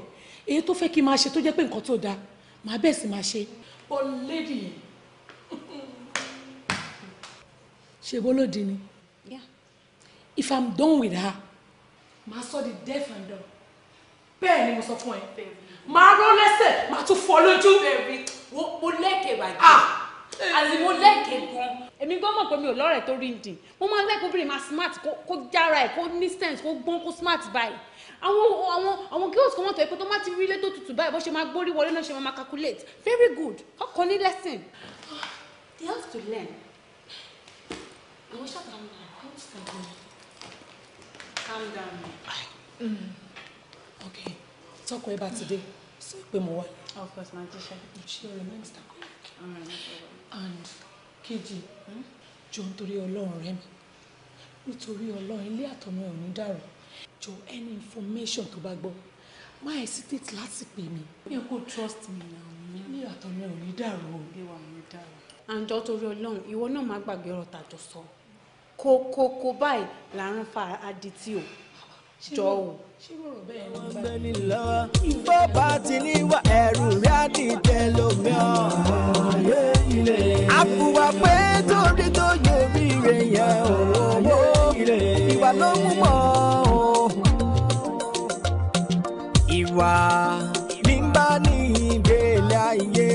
èyí tó fẹ́ kí n máa ṣe tó jẹ́ pé nǹkan tó dáa màá bẹ̀ sí máa ṣe ọ̀lẹ́dì yẹn ṣe bólódì ni if i'm done with her màá sọ di deaf and dumb bẹ́ẹ̀ ni mo sọ fún ẹ màá rán lẹ́sẹ̀ màá tún fọ́ lójú mo lẹ́kẹ̀ẹ́ bàjẹ́ àti ah! mo lẹ́ẹ̀kẹ́ gan. èmi gan mọ̀ pé mi ò lọ́rẹ̀ẹ́ tó rí ǹdìn mo máa ń lẹ́kọ̀ọ́ obìnrin máa smart kó jára ẹ̀ kó ní sense kó gbọ́n kó smart báyìí àwọn àwọn àwọn girls kan wọ́n tọ́ ẹ pé tó má ti rí ilé tó tutù báyìí bó ṣe máa gbórí wọlé náà ṣe máa calculate very good ọkọ ní lesson they have to learn àwọn ṣàkàmù calm down. Mm. okay Talk way bá today. dé sọ pé mo wà. of course my teacher. she reminds me. and kejì hmm? jọ nítorí ọlọ́run rẹ mi nítorí ọlọ́run ilé àtọ̀nà ẹ̀ ò ní dàrú jọ any information tó bá gbọ́ má hesitate láti pè mí. mi ò kò trust me na mi. ní àtọ̀nà ò ní dàrú o. bí wàá mi dàrú. àǹjọ torí ọlọ́run ìwọ náà má gbàgbé ọ̀rọ̀ tàjọ sọ kókókó báyìí là ń fa adití o jọ o. ọgbẹ́ni bá ti ní wá ẹ̀rù rí àdìtẹ̀ lómi ọ̀hún. àfùwà pé torí tó yẹ mí rèé yẹn ìwà ló mú mọ́ o ìwà ní bá ní ìgbélé ayé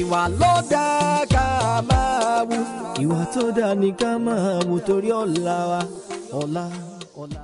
ìwà ló dá ká máa wù ìwà tó dá ní ká máa wù torí ọ̀la wa ọ̀la ọ̀la.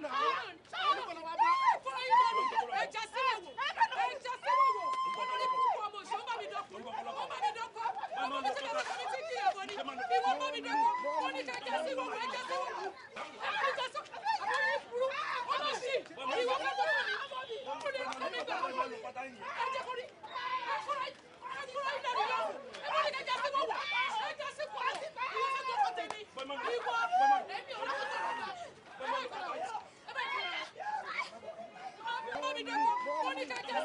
nà á. ẹja sílẹ̀ wò ẹja sílẹ̀ wò ọmọ ní kúkú ọmọ òṣù ọmọ mi dọ́kọ ọmọ mi dọ́kọ ọmọ mi sọ̀rọ̀ ọmọ mi ti kí ẹ̀bọ̀ ni ìwọ ọmọ mi dọ́kọ mo ní ká ẹja sílẹ̀ wò ẹja sílẹ̀ wò ẹja sílẹ̀ wò ọmọ mi burú ọmọ sí ìwọ ọmọ mi ọmọ mi ọmọ mi ọmọ mi gbà ọmọ mi ẹja kọrí ẹkọrọ ẹkọrọ ìlànà yọ ẹmọ ní ká ẹja sílẹ̀ wò ẹja sílẹ̀ wò ìwọ ọmọ tèmi ìwọ ẹmí ọlọ́kọ̀ tẹ̀lé ìyá tó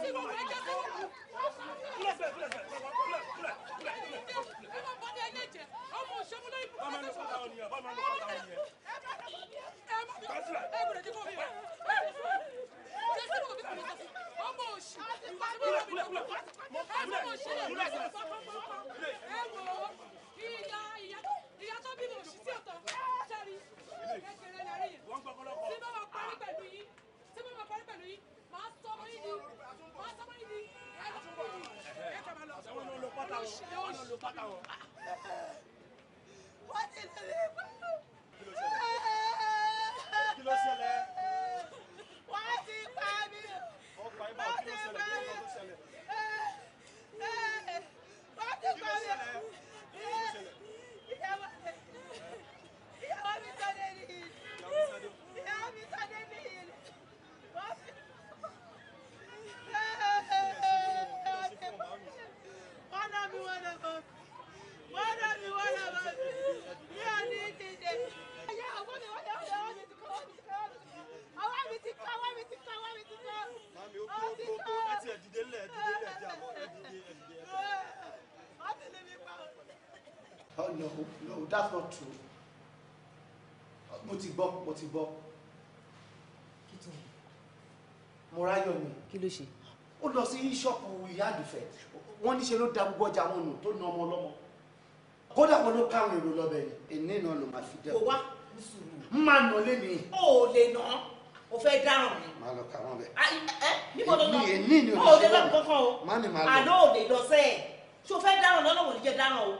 bímọ òṣìṣẹ́ ọ̀tọ̀ sẹ́rí. What is lè no no that's not true mo ti gbọ́ mo ti gbọ́ mo ráyọ̀ mi kí ló ṣe ó lọ sí ṣọ́ọ̀pù ìyá àdùfẹ́ wọ́n níṣe ló da gbogbo ọjà wọn nù tó na ọmọ ọlọ́mọ kódà wọn ló káwọn èrò lọ́bẹ̀ ni èní náà ló máa fi dẹ́ kò wá mùsùlùmí máa nà lé mi. ó lè nà ó fẹ́ dáràn mi. máa lọ kà wọ́n bẹ̀. ẹ níbo ló lọ èní ni ò lè lọ kankan o àná ò lè lọ sẹ́ẹ̀ ṣó fẹ́ dáràn lọ́nà wò ní jẹ́ dáràn o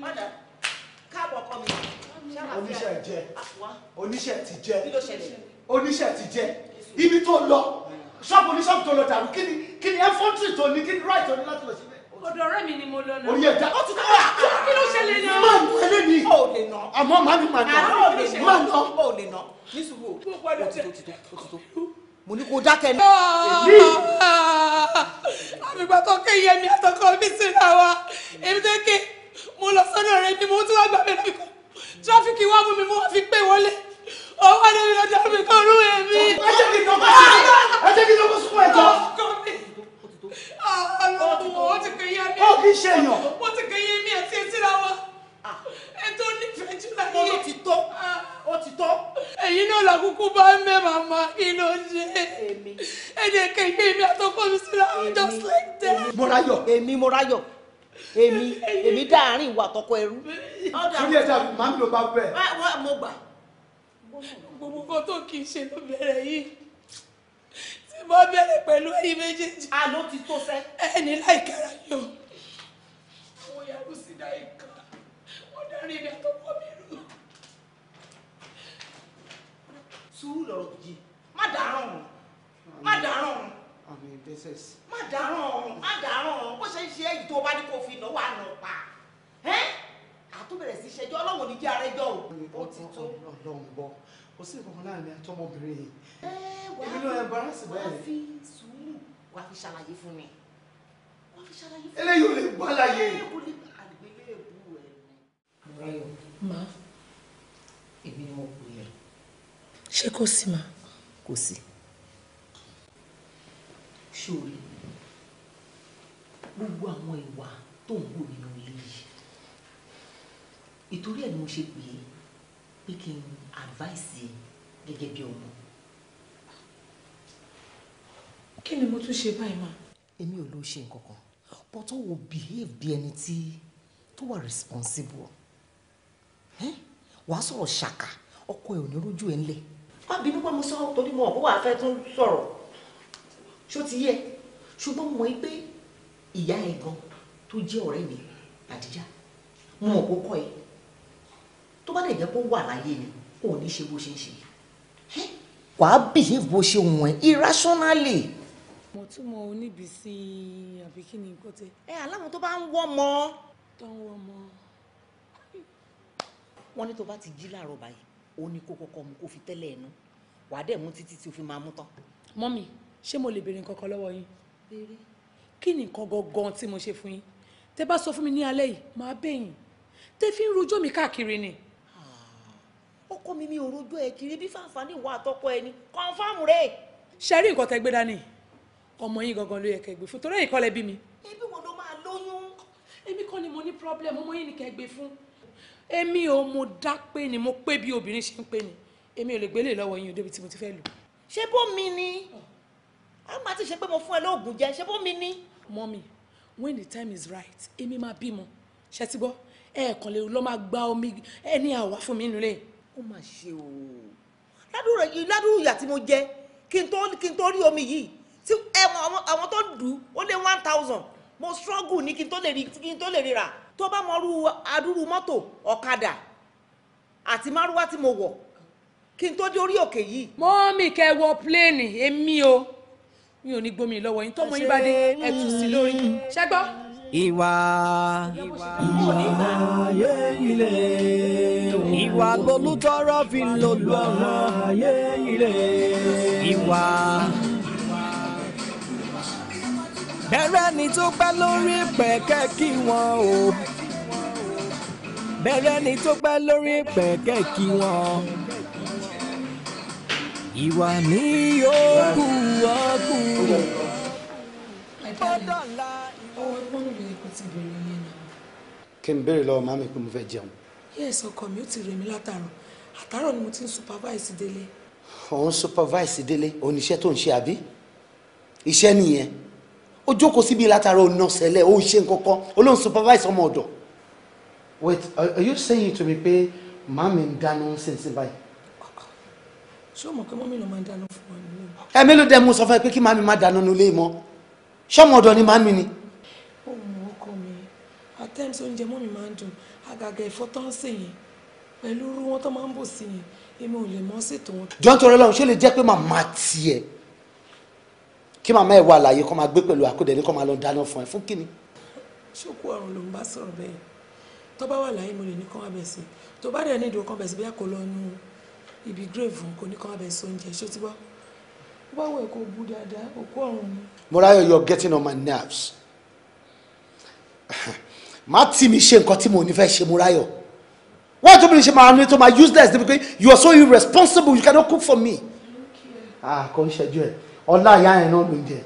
padà káàbọ̀ ọkọ mi oníṣẹ́ jẹ ah, oníṣẹ́ ti jẹ oníṣẹ́ ti jẹ ibi tó lọ ṣọ́ọ̀bù oníṣọ́ọ̀bù tó lọ dàrú kí ni kí ni ẹfọ́ntì tó ní kí ni ráìtì oní láti lọ sí bẹ́ẹ̀. ọ̀dọ̀ ọ̀rẹ́ mi ni mo lọ náà. oníyẹ̀dá ó ti kọ́ kí ló ṣẹlẹ̀ náà. máa nù ẹlẹ́ ni àmọ́ màá mi máa nà máa nà. ó lè nà ní sùúrù mo ní kó dákẹ́ ní. àmì gbàtọ́ kéèyàn mi àtọkọ mi sí ra wa èmi tó ké mo lọ sọ́dọ̀ rẹ bí mo tún wá gbà lọ́kọ̀ tráfíkì wá mú mi mo fi pé wọlé ọwọ́ adé mi lọ́jà mi kan rú èmi. ẹ jẹ́ kí n lọ́kọ̀ sí ah! ẹ jẹ́ kí n lọ́kọ̀ sún ẹ̀jọ́. àwọn mi. ó kì ti kẹyẹ mi àti etí ra wa. Ah! ètò onífẹ̀ẹ́ jù láyé. ó ti tó ah! ó ti tó. èyí náà làkúkú bá ń bẹ màmá kí ló ń ṣe. èmi. mi àtọkọ mi sí ra just like that. Mọ́ráyọ̀ èmi Mọ́ráyọ̀ èmi èmi dá àárín ìwà àtọkọ ẹrú. ṣúlẹ̀ ṣáà máa ń lò bá bẹ́ẹ̀. mo gbà gbogbo nǹkan tó kì í ṣe ló bẹ̀rẹ̀ yìí tí mo bẹ̀rẹ̀ pẹ̀lú ẹyin méjèèjì. a ló ti tó sẹ́. ẹni láìkara O àwọn ìyàwó sì dá ìkan wọn darí ilé tó pọ̀ mí rú. sùúrù lọ̀rọ̀ yìí má dàárọ̀ ọ̀run má dàárọ̀ ọ̀run àmì business. má dáràn ọ̀run má dáràn ọ̀run bó ṣe ń ṣe èyí tó o bá ní kó o fi náwó àná pa àtúbẹ̀rẹ̀ sí ṣẹjọ́ ọlọ́run ò ní jẹ́ arẹjọ́ o ó ti tó. ọlọ́run gbọ́ kò sí nǹkan kan láàrin àtọmọbìnrin yìí. ẹ wàá fi wàá fi sùúrù wàá fi ṣàlàyé fún mi wàá fi ṣàlàyé fún mi. eléyìí ò lè gbọ́ láyé. ọ̀rẹ́yọ̀ èmi ni mo pè é. ṣé kò sí ma. kò sí ṣòrí gbogbo àwọn ìwà tó ń wò nínú ilé yìí ìtorí ẹ̀ ni mo ṣe pè é pé kí n advice ẹ gẹ́gẹ́ bí ọmọ. kí ni mo tún ṣe báyìí ma. èmi ò lọ ṣe nǹkan kan but ó wò behave bí ẹni tí tó wà responsible wàá sọ̀rọ̀ ṣàkà ọkọ ẹ̀ ò ní rójú ẹ̀ ńlẹ̀. má bínú pé mo sọ torí mo ò kó wàá fẹ́ tún sọ̀rọ̀ ṣó ti yẹ ṣùgbọ́n mo pé ìyá ẹ̀ gan tó jẹ́ ọ̀rẹ́ mi Khadija mo mọ̀ kó kọ́ ẹ tó bá dẹ̀ jẹ́ kó wà láyé ni kò ní ṣe bó ṣe ń ṣe wàá bìhíf bó ṣe wù ẹ́ irrationally mo tún mọ oníbìsí àbí kí ni nǹkan tẹ. ẹ aláwọn tó bá ń wọ́ mọ́. tó ń wọ́ mọ́. wọ́n ní tó bá ti jí láàárọ̀ báyìí ó ní kó kọ́kọ́ mu kó fi tẹ́lẹ̀ ẹnu wàá dẹ̀ mú títí tí o fi máa mú tán. mọ́mì ṣé mo lè béèrè nǹkan kan lọ́wọ́ yín. béèrè. kí ni nǹkan gangan tí mo ṣe fún yín tẹ bá sọ fún mi ní alẹ́ yìí màá bẹ̀yìn tẹ fi ń rojọ́ mi káàkiri ni. Ah, ọkọ mi mi ò rojọ́ ẹ kiri bí fàǹfààní ìwà àtọkọ ẹ ni kọ́ńfàmù rẹ̀. ṣe rí nǹkan tẹ gbé dání ọmọ yín gangan ló yẹ kẹ́ fún torí ẹ̀yin kọ́ lẹ mi. ebi wo ló máa lóyún. èmi kọ́ ni mo ní problem ọmọ yín ni kẹ́ gbé fún. èmi ò mo dá pé ni mo pé bí obìnrin ṣe ń pé ni èmi ò lè gbélé lọ́wọ́ yín o débi tí mo ti fẹ́ lò. ṣé bó mi ni. Oh a máa ti ṣe pé mo fún ẹ lóògùn jẹ ṣé bómi ní. mọ́mì when the time is right èmi máa bímọ ṣe ti gbọ́ ẹ̀ẹ̀kan lè lọ́ máa gba omi ẹni àwa fún mi nílé. ó mà ṣe o ládùúrò ìyà tí mo jẹ kí n tó rí omi yìí tí àwọn tó dùn ó lé one thousand mo struggle ní kí n tó lè rí kí n tó lè rí rà tó bá mọrú adúrú mọ́tò ọ̀kadà àti márúwá tí mo wọ̀ kí n tó dé orí òkè yìí. mọ́mì kẹ́ wọ pléènì èmi o mi ò ní gbómi lọ́wọ́ yín tọ́mọ yín bá dé ẹ tù sí lórí ṣẹ́gbọ́. ìwà ìwà ayé ilé ìwà lolútọ́rọ́ fi lòlù ọ̀nà ayé ilé ìwà bẹ̀rẹ̀ ni tó pẹ́ lórí pẹ̀kẹ́ kí wọ́n o bẹ̀rẹ̀ ni tó pẹ́ lórí pẹ̀kẹ́ kí wọ́n o ìwà mi yóò kú ọkù. kí n béèrè lọ́wọ́ màmí pé mo fẹ́ jẹun. yẹ́sì ọkọ mi ó ti rẹ̀ mí látàrọ̀ àtàrọ̀ ni mo ti ń supervise délé. òun supervise délé oníṣẹ́ tó ń ṣe àbí iṣẹ́ nìyẹn ó jókòó síbi látara ọ̀nà ṣẹlẹ̀ ó ṣe nǹkankan olóhùn supervise ọmọ ọ̀dọ̀. wait are you saying to me pé màmí ń dáná ń báyìí ṣé o mọ̀ pé mọ́mí ló ẹ mélòó dẹ́ mo sọ fún ẹ pé kí màmí má dáná nílé mọ́ ṣọ́mọ ọ̀dọ̀ ni màmí ni. ó mọ ọkọ mi at times oúnjẹ mọ́mí máa ń dùn àgàgà ẹ̀fọ́ tó ń sè yẹn pẹ̀lú irú wọn tó máa ń bò sí yẹn èmi ò lè mọ́ ṣètò wọn. jọ́ nítorí ọlọ́run ṣé lè jẹ́ pé màmá tiẹ̀ kí màmá ẹ̀ wà láàyè kó máa gbé pẹ̀lú àkúdẹ̀ ní kó máa lọ dáná fún ẹ fún kíni. ṣókú ọ̀run ló ń bá sọ̀rọ̀ bẹ́ẹ̀ tó bá wà láàyè mo lè ní kán wá bẹ̀ sí tó bá dẹ̀ ní ìdúró kan bẹ̀ sí bí a kò lọ nu ibi grave kò ní kàn abẹ sóúnjẹ ṣó ti bọ́ bá wẹ̀ kó bu dáadáa òkú ọ̀run ni. Morayo you are getting on my nerves [laughs] má tì mí ṣe nǹkan tí mo ní fẹ́ ṣe Morayo wọ́n tó bí mi ṣe máa ní tó máa useless níbi pé you are so irresponsible you cannot cook for me. Ah, kò ń ṣẹ́jú ẹ̀ ọlá ìyá ẹ̀ náà ló ń jẹ.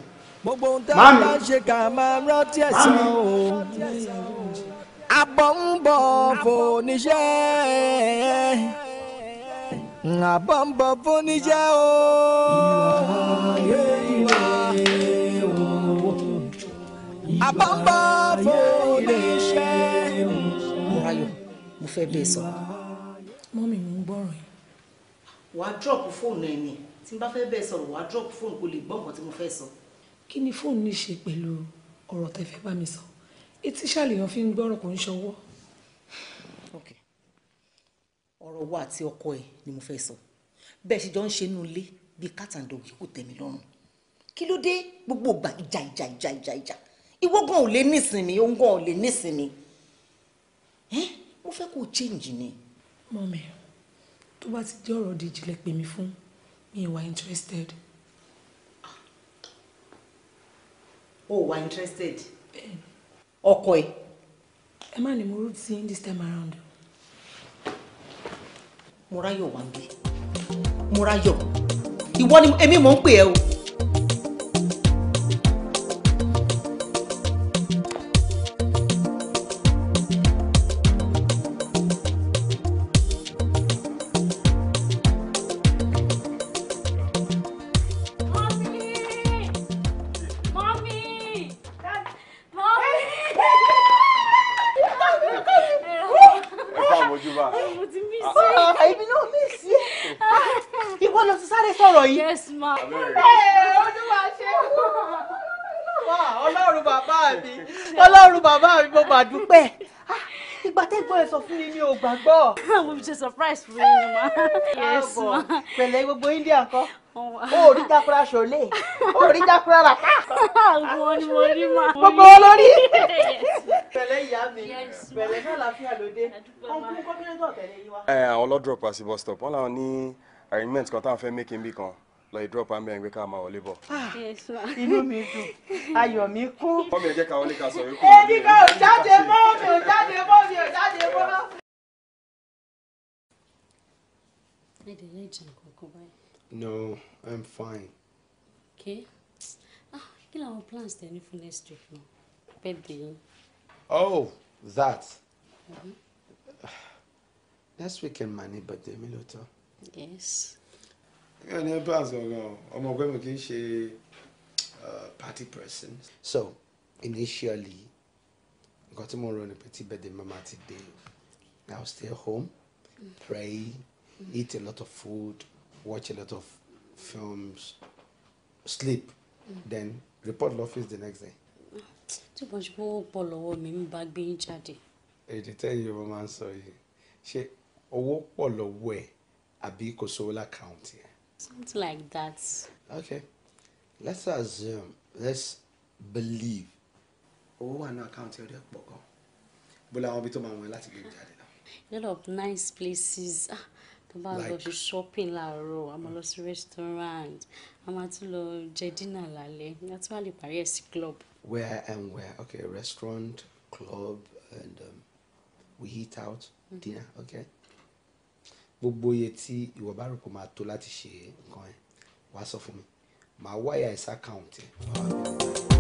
gbogbo ohun tá a bá ṣe ká máa rántí ẹ̀sán o abọ́ ń bọ̀ fò níṣẹ́ nga bamba fonija o. abamba fonija. Mọ́rayọ̀ mo fẹ́ bẹ́ẹ̀ sọ. mọ́mí mo ń gbọ́ràn yìí. wà á drop fóònù ẹ̀ ni tí n bá fẹ́ bẹ́ẹ̀ sọ̀rọ̀ wà á drop fóònù kó lè gbọ́ nǹkan tí mo fẹ́ sọ. kí ni fóònù ní í ṣe pẹ̀lú ọ̀rọ̀ tẹ́ bá mi sọ etí ṣàlèyàn fi ń gbọ́rọ̀ kò ń ṣọwọ́ ọ̀rọ̀ wa àti ọkọ ẹ̀ ni mo fẹ́ sọ bẹ́ẹ̀ ṣe jọ ń ṣe inú ilé bíi kàtàǹdà òkè kò tẹ̀mí lọ́rùn kí ló dé gbogbo ìgbà ìjà ìjà ìjà ìjà ìjà ìwọ gan ò lè nísinmi òun gan ò lè nísinmi ẹ mo fẹ́ kó change ni. mọ́mi tó bá ti jẹ́ ọ̀rọ̀ díjì lẹ pè mí fún mi ì wá interested. o wà interested. ọkọ ẹ. ẹ má ní mo rú ti this time around Mọ́ráyọ̀ wà ń bí Mọ́ráyọ̀ ìwọ ni èmi mò ń pè ẹ́ o. rice fún yín ma. [laughs] yes ma. pẹ̀lẹ́ gbogbo india kọ́ orí oh, jákúrá ṣòlè orí jákúrá rà ká. àwọn [laughs] ni mo rí ma. gbogbo olórí. [laughs] pẹ̀lẹ́ ìyá mi pẹ̀lẹ́ náà láfíà lóde ọkùnrin kọ́mílẹ́tọ̀ tẹ̀lé yín wá. ẹ àwọn lọ drop us bus stop wọn làwọn ní arrangement kan táwọn fẹ́ make níbí kan lọ ì drop am bẹ́ẹ̀ gbé ká máa wọlé bọ̀. Ah, inú mi dùn ayọ̀ mi kún. wọ́n mi ò jẹ́ ká wọlé ká sọ yòókù. èmi kò jáde mọ́ mi ò jáde mọ́ mi ò jáde mọ́. ẹ dẹ̀ ní ìjà kankan no i'm fine. okay ah kí làwọn plans tẹ ní fún next week náà bẹ́ẹ̀ oh that. Mm -hmm. next weekend mà ní the mi lóòótọ́. yes. kí ni plans gangan ọmọ I'm going to í a uh, party person. so initially got tomorrow mo rò ni pé tí birthday mama ti dé stay home mm. pray. Mm -hmm eat a lot of food, watch a lot of films, sleep, mm. then report to office the next day. tí mo ṣe fowó pọ̀ lọ́wọ́ mi ń bá gbé yín jáde. èdè tẹ́yìn yorùbá máa ń sọ yìí ṣé owó pọ̀ lọ́wọ́ ẹ̀ àbí kò sówó lákàùntì ẹ̀. something like that. okay let's assume let's believe owó wà ní àkáǹtì ọdẹ pọ̀ gan bó làwọn ibi tó máa wọn láti gbé jáde lọ. a lot of nice places. Ah tó bá lọ ṣe shopping láàárọ̀ a máa lọ sí restaurant a máa tún lọ jẹ dinner lálẹ́ a tún wá lè parí ẹ̀ sí club. where and where okay restaurant club and um, we eat out mm -hmm. dinner okay gbogbo iye tí ìwọ bá rò pé máa tó láti ṣe nǹkan ẹ wá sọ fún mi màá wáyà ẹ sí àkáǹtì ẹ.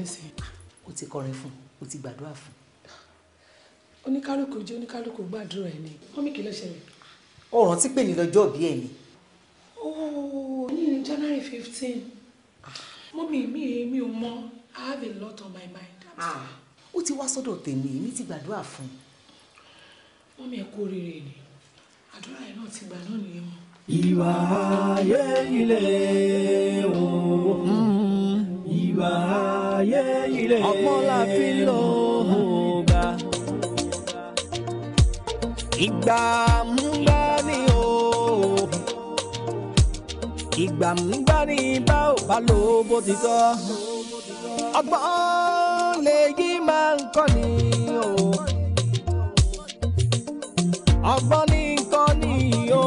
nísìnyí. o ti kọrin fún o ti gbàdúrà fún. oníkálukú jẹ́ oníkálukú gbàdúrà ẹ̀ ni wọ́n mi kì í lọ ṣẹlẹ̀. o rántí pé ní lọ́jọ́ bí ẹ̀ ni. ooo oh, ní January fifteen mọ́mí mi mi ò mọ I have a lot on my mind. Ah. ó ti wá sọ́dọ̀ tèmi èmi ti gbàdúrà fún un. mọ́mí ẹ kú oríire ni àdúrà ẹ̀ náà ti gbà náà nìyẹn. ìwà ayé ilé òun ìwà ayé ilé. ọgbọ́n la fi lò ìgbà mú bá ní o. ìgbà mú bá ní bá ò bá lò bó ti tọ́. ọgbọ́n lè yí máa ń kọ́ ni o. ọgbọ́n ní kọ́ ni o.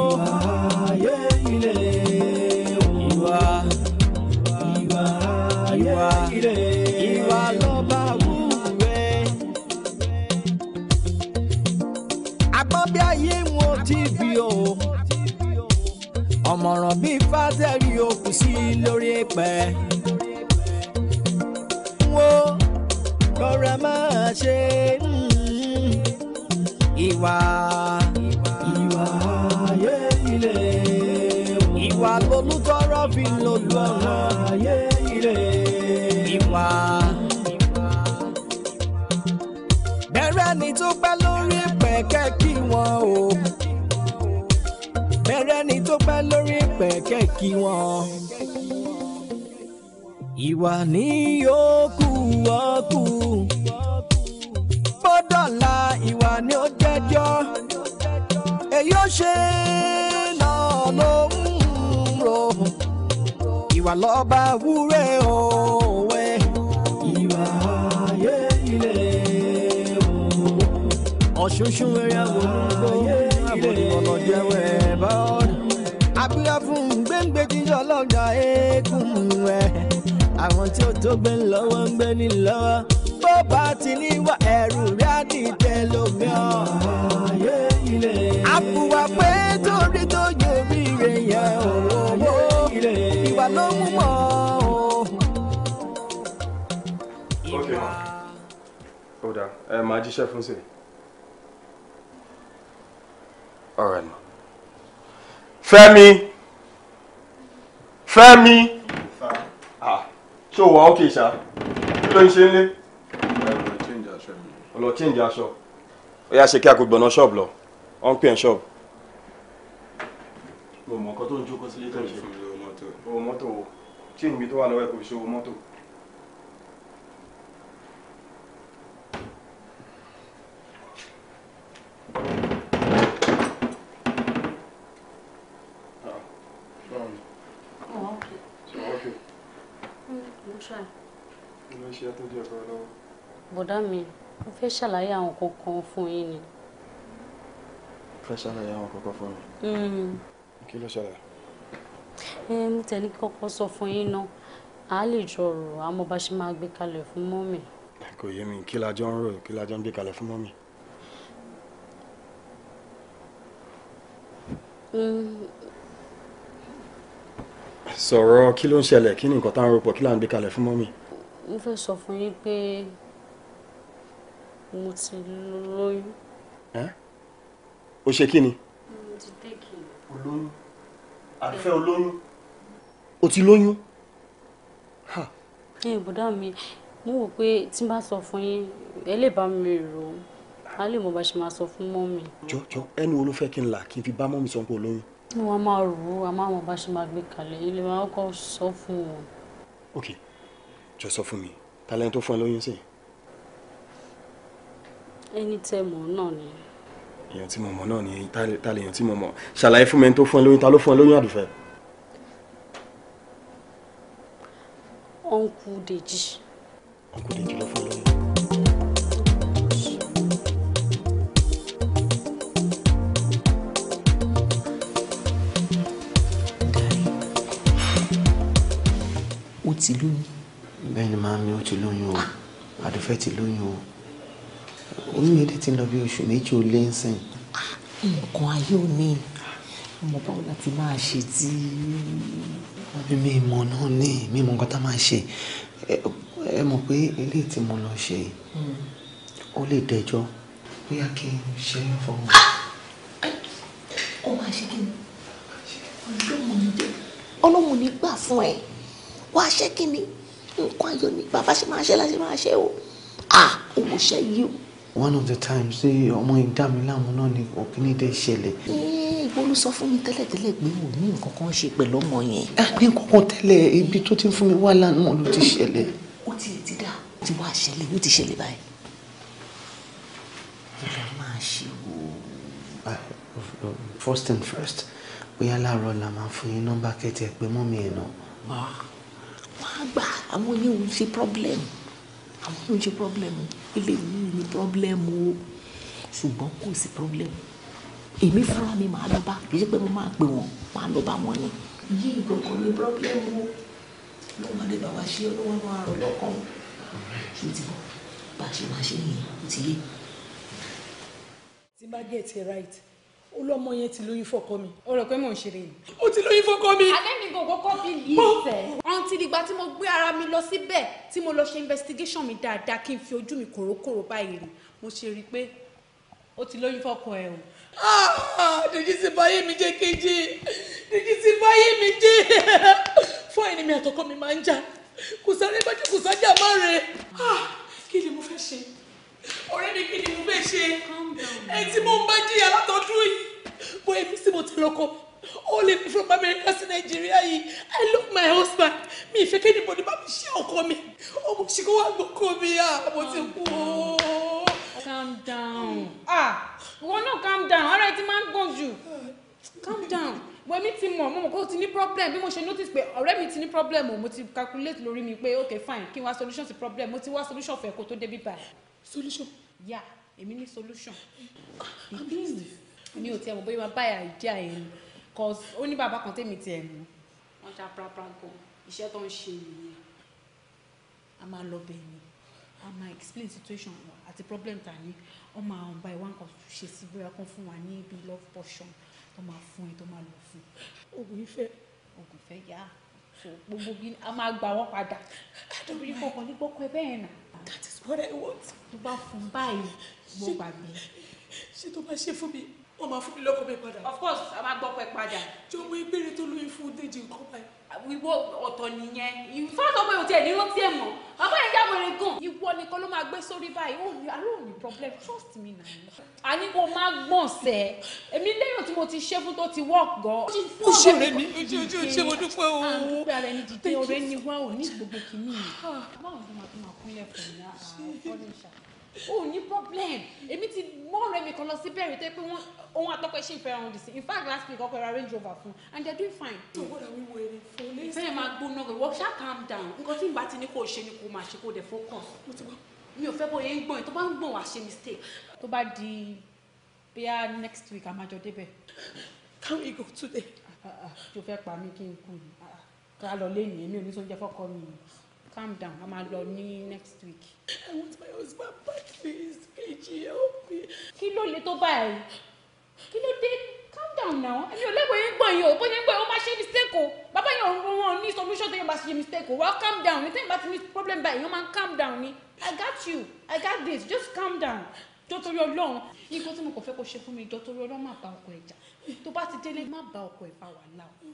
bí fásẹ́rì òkú sí lórí pẹ́ wo rọra máa ṣe hmm, ìwà ìwà ayé ilé ìwà lolútọ́rọ́ fi lòlù ọ̀rọ̀ ayé ilé ìwà. pẹ̀kẹ́ kí wọ́n. ìwà ní yòókù ọ̀kù bọ́dọ̀là ìwà ni ó jẹjọ́ èyí ó ṣe náà ló ń ro ìwà lọ́ba wúre òwe. ìwà ayé ilé o. ọ̀ṣunṣun eré àwọn olùkọ́ àbòrí ọ̀nà jẹ́wẹ́ báwọn. tí ó tó gbé lọ́wọ́ ń gbé ní lọ́wọ́ bó bá ti níwà ẹ̀rù rí àdìtẹ̀ lómi ọ̀hún. àfùwà pé torí tó yẹ mí rè yẹn òwò ìwà ló mú mọ́ o. Okay ma ó dáa ẹ máa jíṣẹ́ fún All right ma. Fẹ́mi Fẹ́mi ṣó wà ókè ṣá kí ló ń ṣe ń ọlọ change aṣọ. ó yá ṣe kí akó gbọ̀nà ṣọ́ọ̀bù lọ wọ́n ń pè ẹ́ ṣọ́ọ̀bù. mo mọ̀ nǹkan tó ń jókòó sílé tó ń ṣe. owó mọ́tò wo change mi tó wà lọ́wọ́ ẹ̀ kò fi ṣòwò mọ́tò. try. kí ló ń ṣe tó jẹ́ ọ̀rọ̀ lọ́wọ́. bọ̀dá mi mo fẹ́ ṣàlàyé àwọn kankan fún yín ni. fẹ́ ṣàlàyé àwọn kankan fún mi. Hmm. kí ló ṣàlàyé. ẹ mo tẹ̀lé kọ́kọ́ sọ fún yín náà a lè jọrò àmọ́ bá ṣe máa gbé kalẹ̀ fún mọ́mì. kò yé mi kí la jọ ń rò kí la jọ ń gbé kalẹ̀ fún mọ́mì. Hmm, sọ̀rọ̀ kí ló ń ṣẹlẹ̀ kí ni nǹkan tá à ń ropọ̀ kí là ń gbé kalẹ̀ fún mọ́mì. mo fẹ́ sọ fún yín pé mo ti lóyún. ẹ o ṣe kí ni. mo ti tẹ́kì. olóyún àfẹ́ olóyún. o ti lóyún. ẹ bọ̀dá mi mo wò pé tí n bá sọ fún yín ẹ lè bá mi rò ó a lè mọ bá ṣe máa sọ fún mọ́mì. jọjọ ẹnu wo ló fẹ́ kí n là kí n fi bá mọ́mì sọ pé olóyún ni wọ́n máa rò ó àmọ́ àwọn bá ṣe máa gbé kalẹ̀ ilé máa kọ́ sọ fún wọn. ok jọ sọ fún mi ta lẹni tó fún ẹ lóyún sí. ẹni tẹ mọ náà ni. èèyàn tí mo mọ náà ni ta lèèyàn tí mo mọ ṣàlàyé fún mi ẹni tó fún ẹ lóyún ta ló fún ẹ lóyún àdùfẹ́. ọ̀nkú dèjì. ọ̀nkú dèjì ló fún ẹ lóyún. ti lóyún. bẹ́ẹ̀ ni màámi ó ti lóyún o àdùfẹ́ ti lóyún o oyún yẹn dẹ̀ ti lọ bí oṣù méjì ó lé ń nǹkan ayé ò ní ọmọ báwo la ti máa ṣe tí. mímí ìmọ̀ náà ní mímọ̀ nǹkan tá a máa ṣe ẹ mọ̀ pé eléyìí tí mo lọ ṣe ó lè dẹjọ́ bóyá kí n ṣe é fọwọ́. ó máa ṣe kí ni ọlọ́run ní gbà fún ẹ wàá ṣe kí ni nǹkan ayọ̀ ni bàbá ṣe máa ṣe láti máa ṣe o ah òun ṣe yìí o. one of the times ṣé ọmọ ìdámiláàmú náà ni òkìní dé ṣẹlẹ̀. ìwọ ló sọ fún mi tẹ́lẹ̀tẹ́lẹ̀ pé o ní nǹkan kan ṣe pẹ̀lú ọmọ yẹn. Ah, ní nǹkan tẹ́lẹ̀ ibi tó ti ń fún mi wà lánàá ló ti ṣẹlẹ̀. ó ti ti dá ó ti wá ṣẹlẹ̀ ó ti ṣẹlẹ̀ báyìí. ìyá máa ṣe o. Ah, first and first bóyá láàárọ̀ la máa fún yín nọ́mbà kẹ́tì ẹ̀ pé mọ́mí ẹ̀ náà wọ́n á gbà àwọn yẹn ò ṣe problem àwọn yẹn ò ṣe problem ilé yìí ni problem o ṣùgbọ́n kò sí problem èmi fúnra mi màá lọ bá kì í ṣe pé mo máa pè wọ́n màá lọ bá wọn ni yí ìgbọ̀ngàn ni problem o lọ́wọ́n lè bá wa ṣe ọlọ́wọ́n máa rọ̀ lọ́kàn ṣé ti bọ̀ bá a ṣe máa ṣe nìyẹn ó ti yé. tí má gẹ̀ẹ́tì right olọmọ yẹn ti lóyún fọkọ mi. o rò pé mò ń ṣeré yìí. o ti lóyún fọkọ mi. alẹ́ mi gbogbo kọ́ bí lìsẹ̀. ọ̀ǹtí dìgbà tí mo gbé ara mi lọ síbẹ̀ tí mo lọ ṣe investigation mi dáadáa kí n fi ojú mi kòrókòró báyìí rí mo ṣe rí i pé o ti lóyún fọkọ ẹ o. Ah, dèjì sí báyé mi jẹ́ kejì dèjì sí báyé mi jẹ́ fún ẹni mi àtọkọ mi máa ń jà kùsàrẹ́ bájú kùsàjà má rẹ̀ ah, kí ni mo fẹ́ ṣe ọ̀rẹ́ mi kí ni mo fẹ́ ṣe ẹ tí mo ń bá jìyà látọdún yìí bó èmi sì mo ti rọkọ ó lè fi from America sí Nàìjíríà yìí I love my husband mi ìfẹ́ kí anybody bá mi ṣe ọkọ mi ọmọ ṣìkọ wà gbọkọ mi àmọ ti kú o. calm down ah ìwọ náà calm down ọ̀rẹ́ ti máa ń gbọ̀n jù calm down wọ́n mi ti mọ̀ mo mọ̀ pé o ti ní problem bí mo ṣe notice pé ọ̀rẹ́ mi ti ní problem o mo ti calculate lórí mi pé okay fine kí n wá solution sí problem mo ti wá solution fẹ́ kó tó débi báyìí solution. ya èmi ní solution. Ah, mi ò tiẹ̀ mọ̀ bóyá máa báyà ìdíà yẹn ni cause ó ní bàbá kan tèmi tiẹ̀ mú wọ́n já prapra gan iṣẹ́ tó ń ṣe nìyẹn a máa lọ bẹ̀ ni a máa explain situation àti problem ta ni wọ́n máa ń báyìí wọ́n kàn ṣe sí bóyá kan fún wa ní ibi love portion tó máa fún ẹ tó máa lọ fún. oògùn ìfẹ́. oògùn ìfẹ́ yá. Yeah so gbogbo bí a máa gbà wọ́n padà obìnrin kọ̀ọ̀kan ní gbọ́kọ̀ ẹ bẹ́ẹ̀ nà. that is what i want. tó bá fún báyìí mo gbàgbé. ṣé tó bá ṣe fún mi wọ́n máa fún mi lọ́kọ̀ mi padà. of course a máa gbọ́kọ̀ ẹ padà. jọ̀wọ́ ìbéèrè tó lóyún fún Déjì nǹkan báyìí ìwọ ọ̀tọ̀ nìyẹn ìfọ́sọ̀ pé o tiẹ̀ ní rántí ẹ̀ mọ́ bàbá yẹn yàwèrè gan. ìwọ nìkan ló máa gbé sórí báyìí ó ní àlọ́ òní problem trust me na. àní kò máa gbọ̀n sẹ́ èmi lẹ́yìn tí mo ti ṣe fún tó ti work gan. ó ṣe rẹ ní ojú ojú ojú mo dúpẹ́ o. à ń gbé ara ẹni dìde ọ̀rẹ́ ni wá ò ní gbogbo kìíní. báwo ló máa máa fún mi náà àwọn ìṣàkóso o oh, ní problem èmi ti mọ ọ̀rẹ́ mi kan lọ sí bẹ̀rẹ̀ tẹ́ pé òun àtọ́kọ ṣì ń fẹ́ ọ̀hún dìsí in fact last week ọkọ ra range rover fún and they doing fine. tó gbọ́dọ̀ wíwo eré fún lẹ́sìn. ìfẹ́ yẹn máa gbóná rẹ̀ wọ́n ṣá calm down nǹkan tí ìgbà tí ní kò ṣe ni kò máa ṣe kó dẹ̀ focus. mi ò fẹ́ bóyá ń gbọ̀n tó bá ń gbọ̀n wàá ṣe mistake. tó bá di bíyà next week àmàjọ débẹ̀. can we go today. tó ah, ah, ah. fẹ́ pa mí kí n kú ká lọ lé calm down I'm alone next week. I want my husband back please kejì help me. kí ló le tó báyìí kí ló dé calm down now ẹni ọlẹ́gbẹ̀ẹ́ yín gbọ̀n yìí o bó ṣe ń gbọ́ ó máa ṣe mistake o bàbá yẹn òun wọn ní solution tó yẹn bá ṣe mistake o wà á calm down ní tẹ́yìn bá ti ní problem báyìí yẹn máa ń calm down ni I got you I got this just calm down jọtorí Ọlọ́run ikú tí mo kàn fẹ́ kó ṣe fún mi jọtorí Ọlọ́run má bá ọkọ ẹ̀ jà tó bá ti délé má bá ọkọ ẹ̀ fà wàhálà o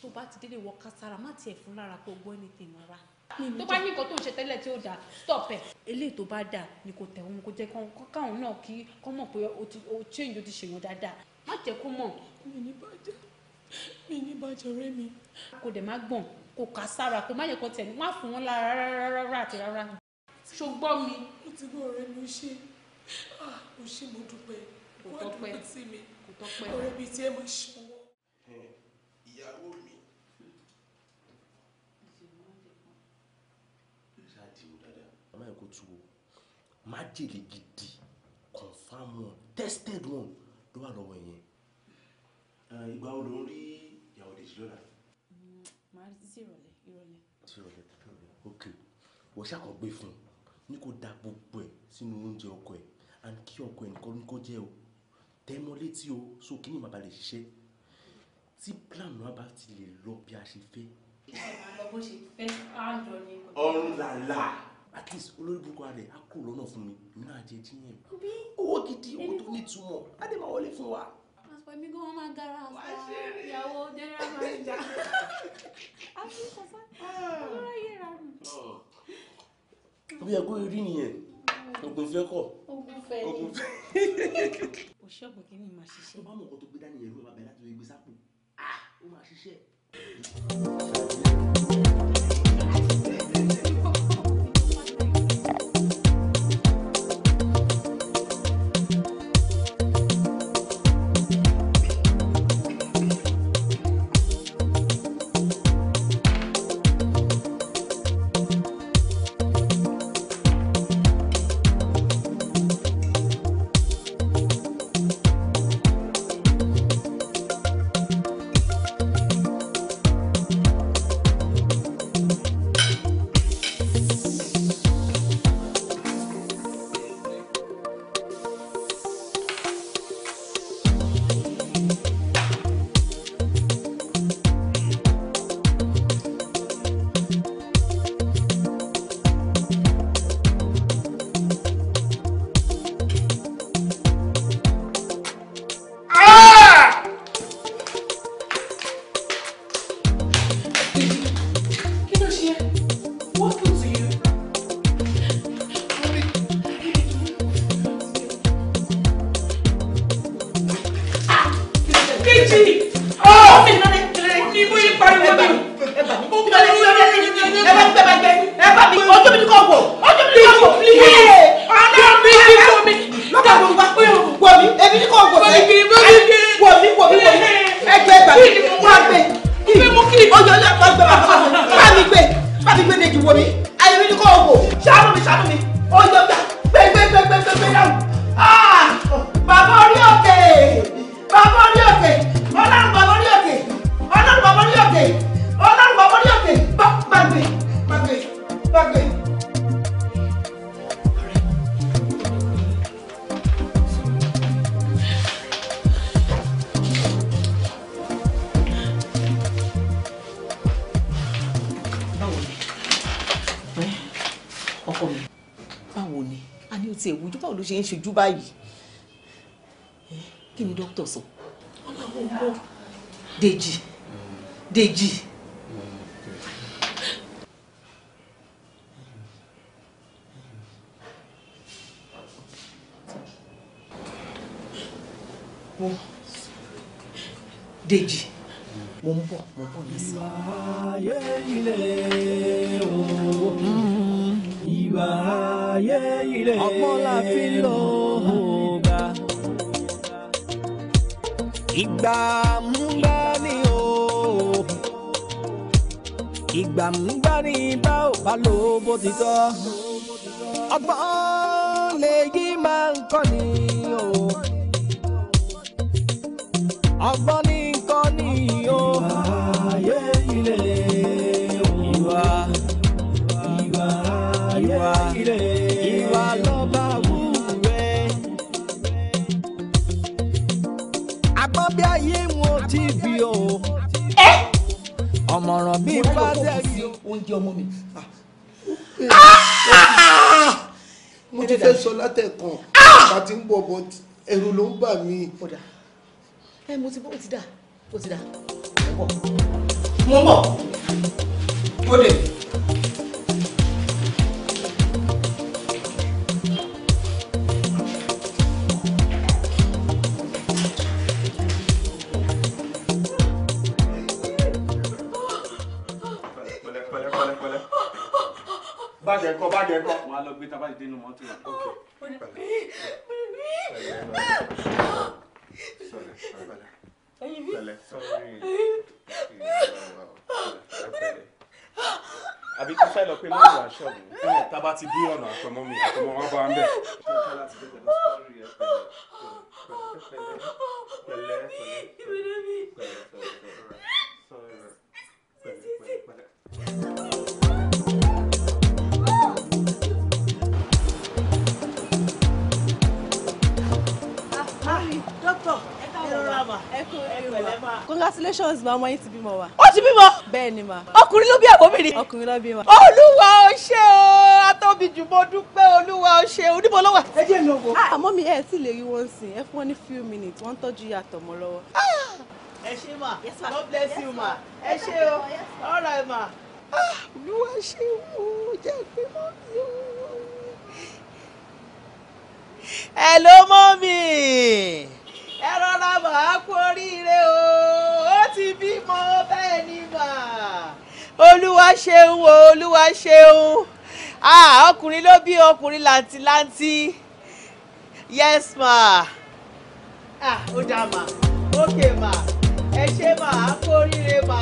tó bá ti délé wọ kására má tiẹ̀ fún lára kó gbọ́ anything rárá tó bá ní nǹkan tó ń ṣe tẹ́lẹ̀ tí ó dáa stop ẹ̀. eléyìí tó bá dáa ni kò tẹ̀ òun kò jẹ́ káwọn náà kí kọ́ mọ̀ pé o change o ti ṣèyàn dáadáa má jẹ́ kó mọ̀. mi ní bàjẹ́ mi ní bàjẹ́ ọ̀rẹ́ mi. kò dẹ̀ má gbọ̀n kò kà sára kò má yẹ kó tẹ̀ má fún wọn lára rárá rárá àti rárá. ṣùgbọ́ mi. mo ti gbọ́ ọ̀rẹ́ mi ṣe ó ṣe mo dúpẹ́ wọ́n dúpẹ́ sí mi ọ̀rẹ́ mi ti ẹ̀ máa ṣọwọ́. ìyàwó mi májèlé gidi confam one tested one ló wà lọ́wọ́ yẹn ìgbà wo ló ń rí ìyàwó dèjì lọ́la. màá rí títí ìrọ̀lẹ́ ìrọ̀lẹ́. títí ìrọ̀lẹ́ títí ìrọ̀lẹ́ ok wọ́n ṣàkọ́gbé fún un ní kó da gbogbo ẹ̀ sínú oúnjẹ ọkọ ẹ̀ and kí ọkọ ẹ̀ nìkan ní kó jẹ́ o tẹ́mọ́ létí o so kí ni màbá lè ṣiṣẹ́ tí plan náà bá ti lè lọ bí a ṣe fẹ́. ọ̀run làlà at least olórí burúkú rẹ̀ á kúrò lọ́nà fún mi èmi náà jẹ díẹ̀ owó gidi owó tó nítumọ̀ á dé máa wọlé fún wa. àpò èmi gan wọn máa gara àpò ìyàwó general manager [laughs] àpò ìkọsá olórí ayé rà o bí ẹgbẹ́ orí nìyẹn ogun fẹ́ kọ̀ ogun fẹ́ ogun fẹ́. o [laughs] ṣọ́ọ̀bù kìíní máa ṣiṣẹ́. o bá mọ̀ nǹkan tó gbé dání yẹn ló máa bẹ̀rẹ̀ láti gbé sápò ah, ó máa ṣiṣẹ́. dúdú báyìí eh, kí ni dókítà sọ Dèjì Dèjì. wo Deji. mo ń bọ̀ mo ń bọ̀ nísìnyí ìwà ayé ilé ọgbọ́n la fi ìgbà mú bá ní o ìgbà mú bá ní bá ò bá lò ó bó ti tọ́ ọgbọ́n lèyí máa ń kọ́ ni o ọgbọ́n ní. oúnjẹ ọmọ mi. Ah. Ah! mo ti fẹ́ sọ látẹ̀kàn ah! bá ti ń bọ̀ bọ̀ ẹ̀rù ló ń bà mí. ẹ mo ti bọ́ ó ti dà ó ti dà mo ń bọ̀ ó dé. báàgì ẹ̀kọ́ báàgì ẹ̀kọ́. wọn á lọ gbé tábàdì dénú mọ́tò rẹ. àbí kí sáyé lọ pé lórí wàá ṣọ́ọ̀bù tábà ti bí ọ̀nà àpẹmọ́ mi àpẹmọ́ wọn bá ń bẹ̀. Pẹ̀lẹ́ pẹ̀lẹ́ pẹ̀lẹ́ pẹ̀lẹ́ pẹ̀lẹ́ pẹ̀lẹ́. congratulations ma ọmọ yín ti bímọ wa. ó ti bímọ. bẹ́ẹ̀ ni ma. ọkùnrin ló bí àbóbìnrin. ọkùnrin ló bí wa. olúwa ó ṣe o atóbi jù mo dúpẹ́ olúwa ó ṣe o níbo ló wà. ẹ jẹ́ lọ wò. Ah, àmọ́ mi ẹ̀ tí lè rí wọn sìn ẹ fún wọn ní few minutes wọ́n ń tọ́jú yàtọ̀ mọ́ lọ́wọ́. Ah! ẹ ṣé ma God bless you ma ẹ ṣé o all right ma. Ah! olúwa ṣe o jẹ́ pé mọ́ mi hello mọ́mì ẹ rọra mà á kú oríire o ti bímọ bẹ́ẹ̀ ni mà olúwa ṣeun o olúwa ṣeun ọkùnrin ló bí ọkùnrin làǹtìlanti yes ma ó dá ma ókè ma ẹ ṣé ma á kórìíre ma.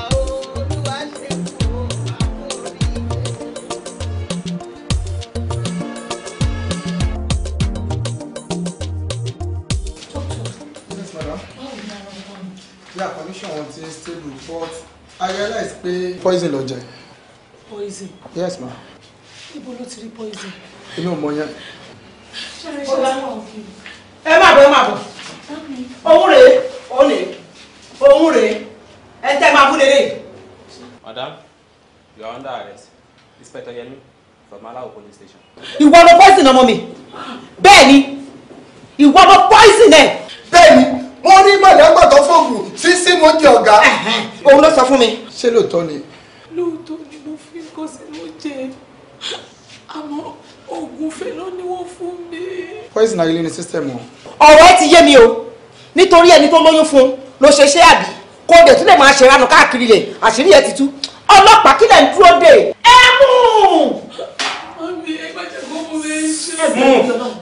condition wọn ti stable but i realize pé poison ló jẹ. poison. yes ma. ibo ló ti rí poison. èmi ò mọ yẹn. ẹ má bọ̀ ẹ má bọ̀ òun rèé òun rèé òun rèé ẹ tẹ́ máa bú lélẹ̀. madam you are under arrest inspector yemi from malawi police station. ìwọ ló poison ọmọ mi bẹ́ẹ̀ ni ìwọ ló poison ẹ. bẹ́ẹ̀ ni ó rí màdàgbà tó fògùn sísí mo jẹ ọ̀gá. òun ló sọ fún mi. ṣé lóòótọ́ ni. lóòótọ́ ni mo fi nǹkan sí mo jẹ àmọ́ oògùn fẹlọ ni wọ́n fún mi. poison ayọ̀lẹ́ ni system o. ọ̀rọ̀ ẹ ti yé mi o nítorí ẹni tó lóyún fún ló ṣe ṣé àbí kó o dẹ̀ tún lè máa ṣèrànù káàkiri lẹ̀ àṣírí ẹ ti tú ọlọ́pàá kílẹ̀ ń dúró dè. ẹ mú. mami ẹ má jẹ́ kó mo lè ṣe. ẹ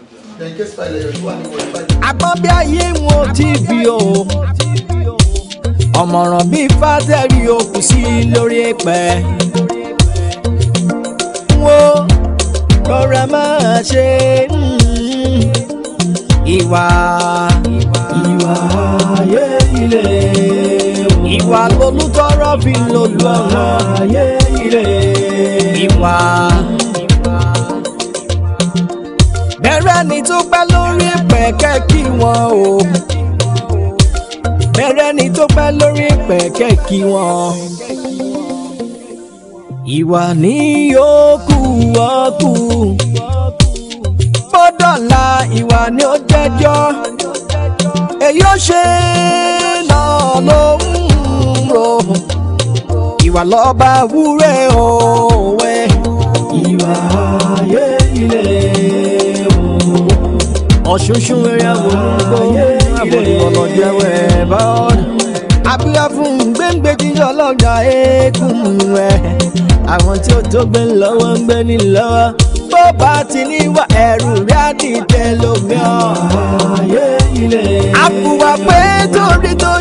àkọ́bí ayé wọn ti fi o ọ̀mọ̀ràn bíi fásẹ́rì òkú sí lórí ẹ̀pẹ́ wo rọra máa ṣe hmm, ìwà ìwà ayé ilé ìwà lolútọ́rọ́ fi lolú ọ̀rọ̀ ayé ilé ìwà kẹrẹ́ni tó pẹ́ lórí pẹ̀kẹ́ kí wọ́n o kẹrẹ́ni tó pẹ́ lórí pẹ̀kẹ́ kí wọ́n. ìwà ní yòókù ọ̀kù bọ́dọ̀la ìwà ni ó jẹjọ́ èyí ó ṣe náà ló ń ro ìwà lọ́ba wúrẹ́ òwe ìwà ayé ilé ọ̀ṣunṣun eré àwòrúgbó àbòrí ọ̀nà jẹ́wẹ́ bá ọ̀dọ̀. àbíyá fún gbẹ́ngbẹ́ jíjọ́ ọlọ́jà eékún ẹ̀ àwọn tí ó tó gbé lọ́wọ́ ń gbé ní lọ́wọ́ bó bá ti níwà ẹ̀rù rí àdìtẹ̀ lómi ọ̀. àbùwà pé torí tó.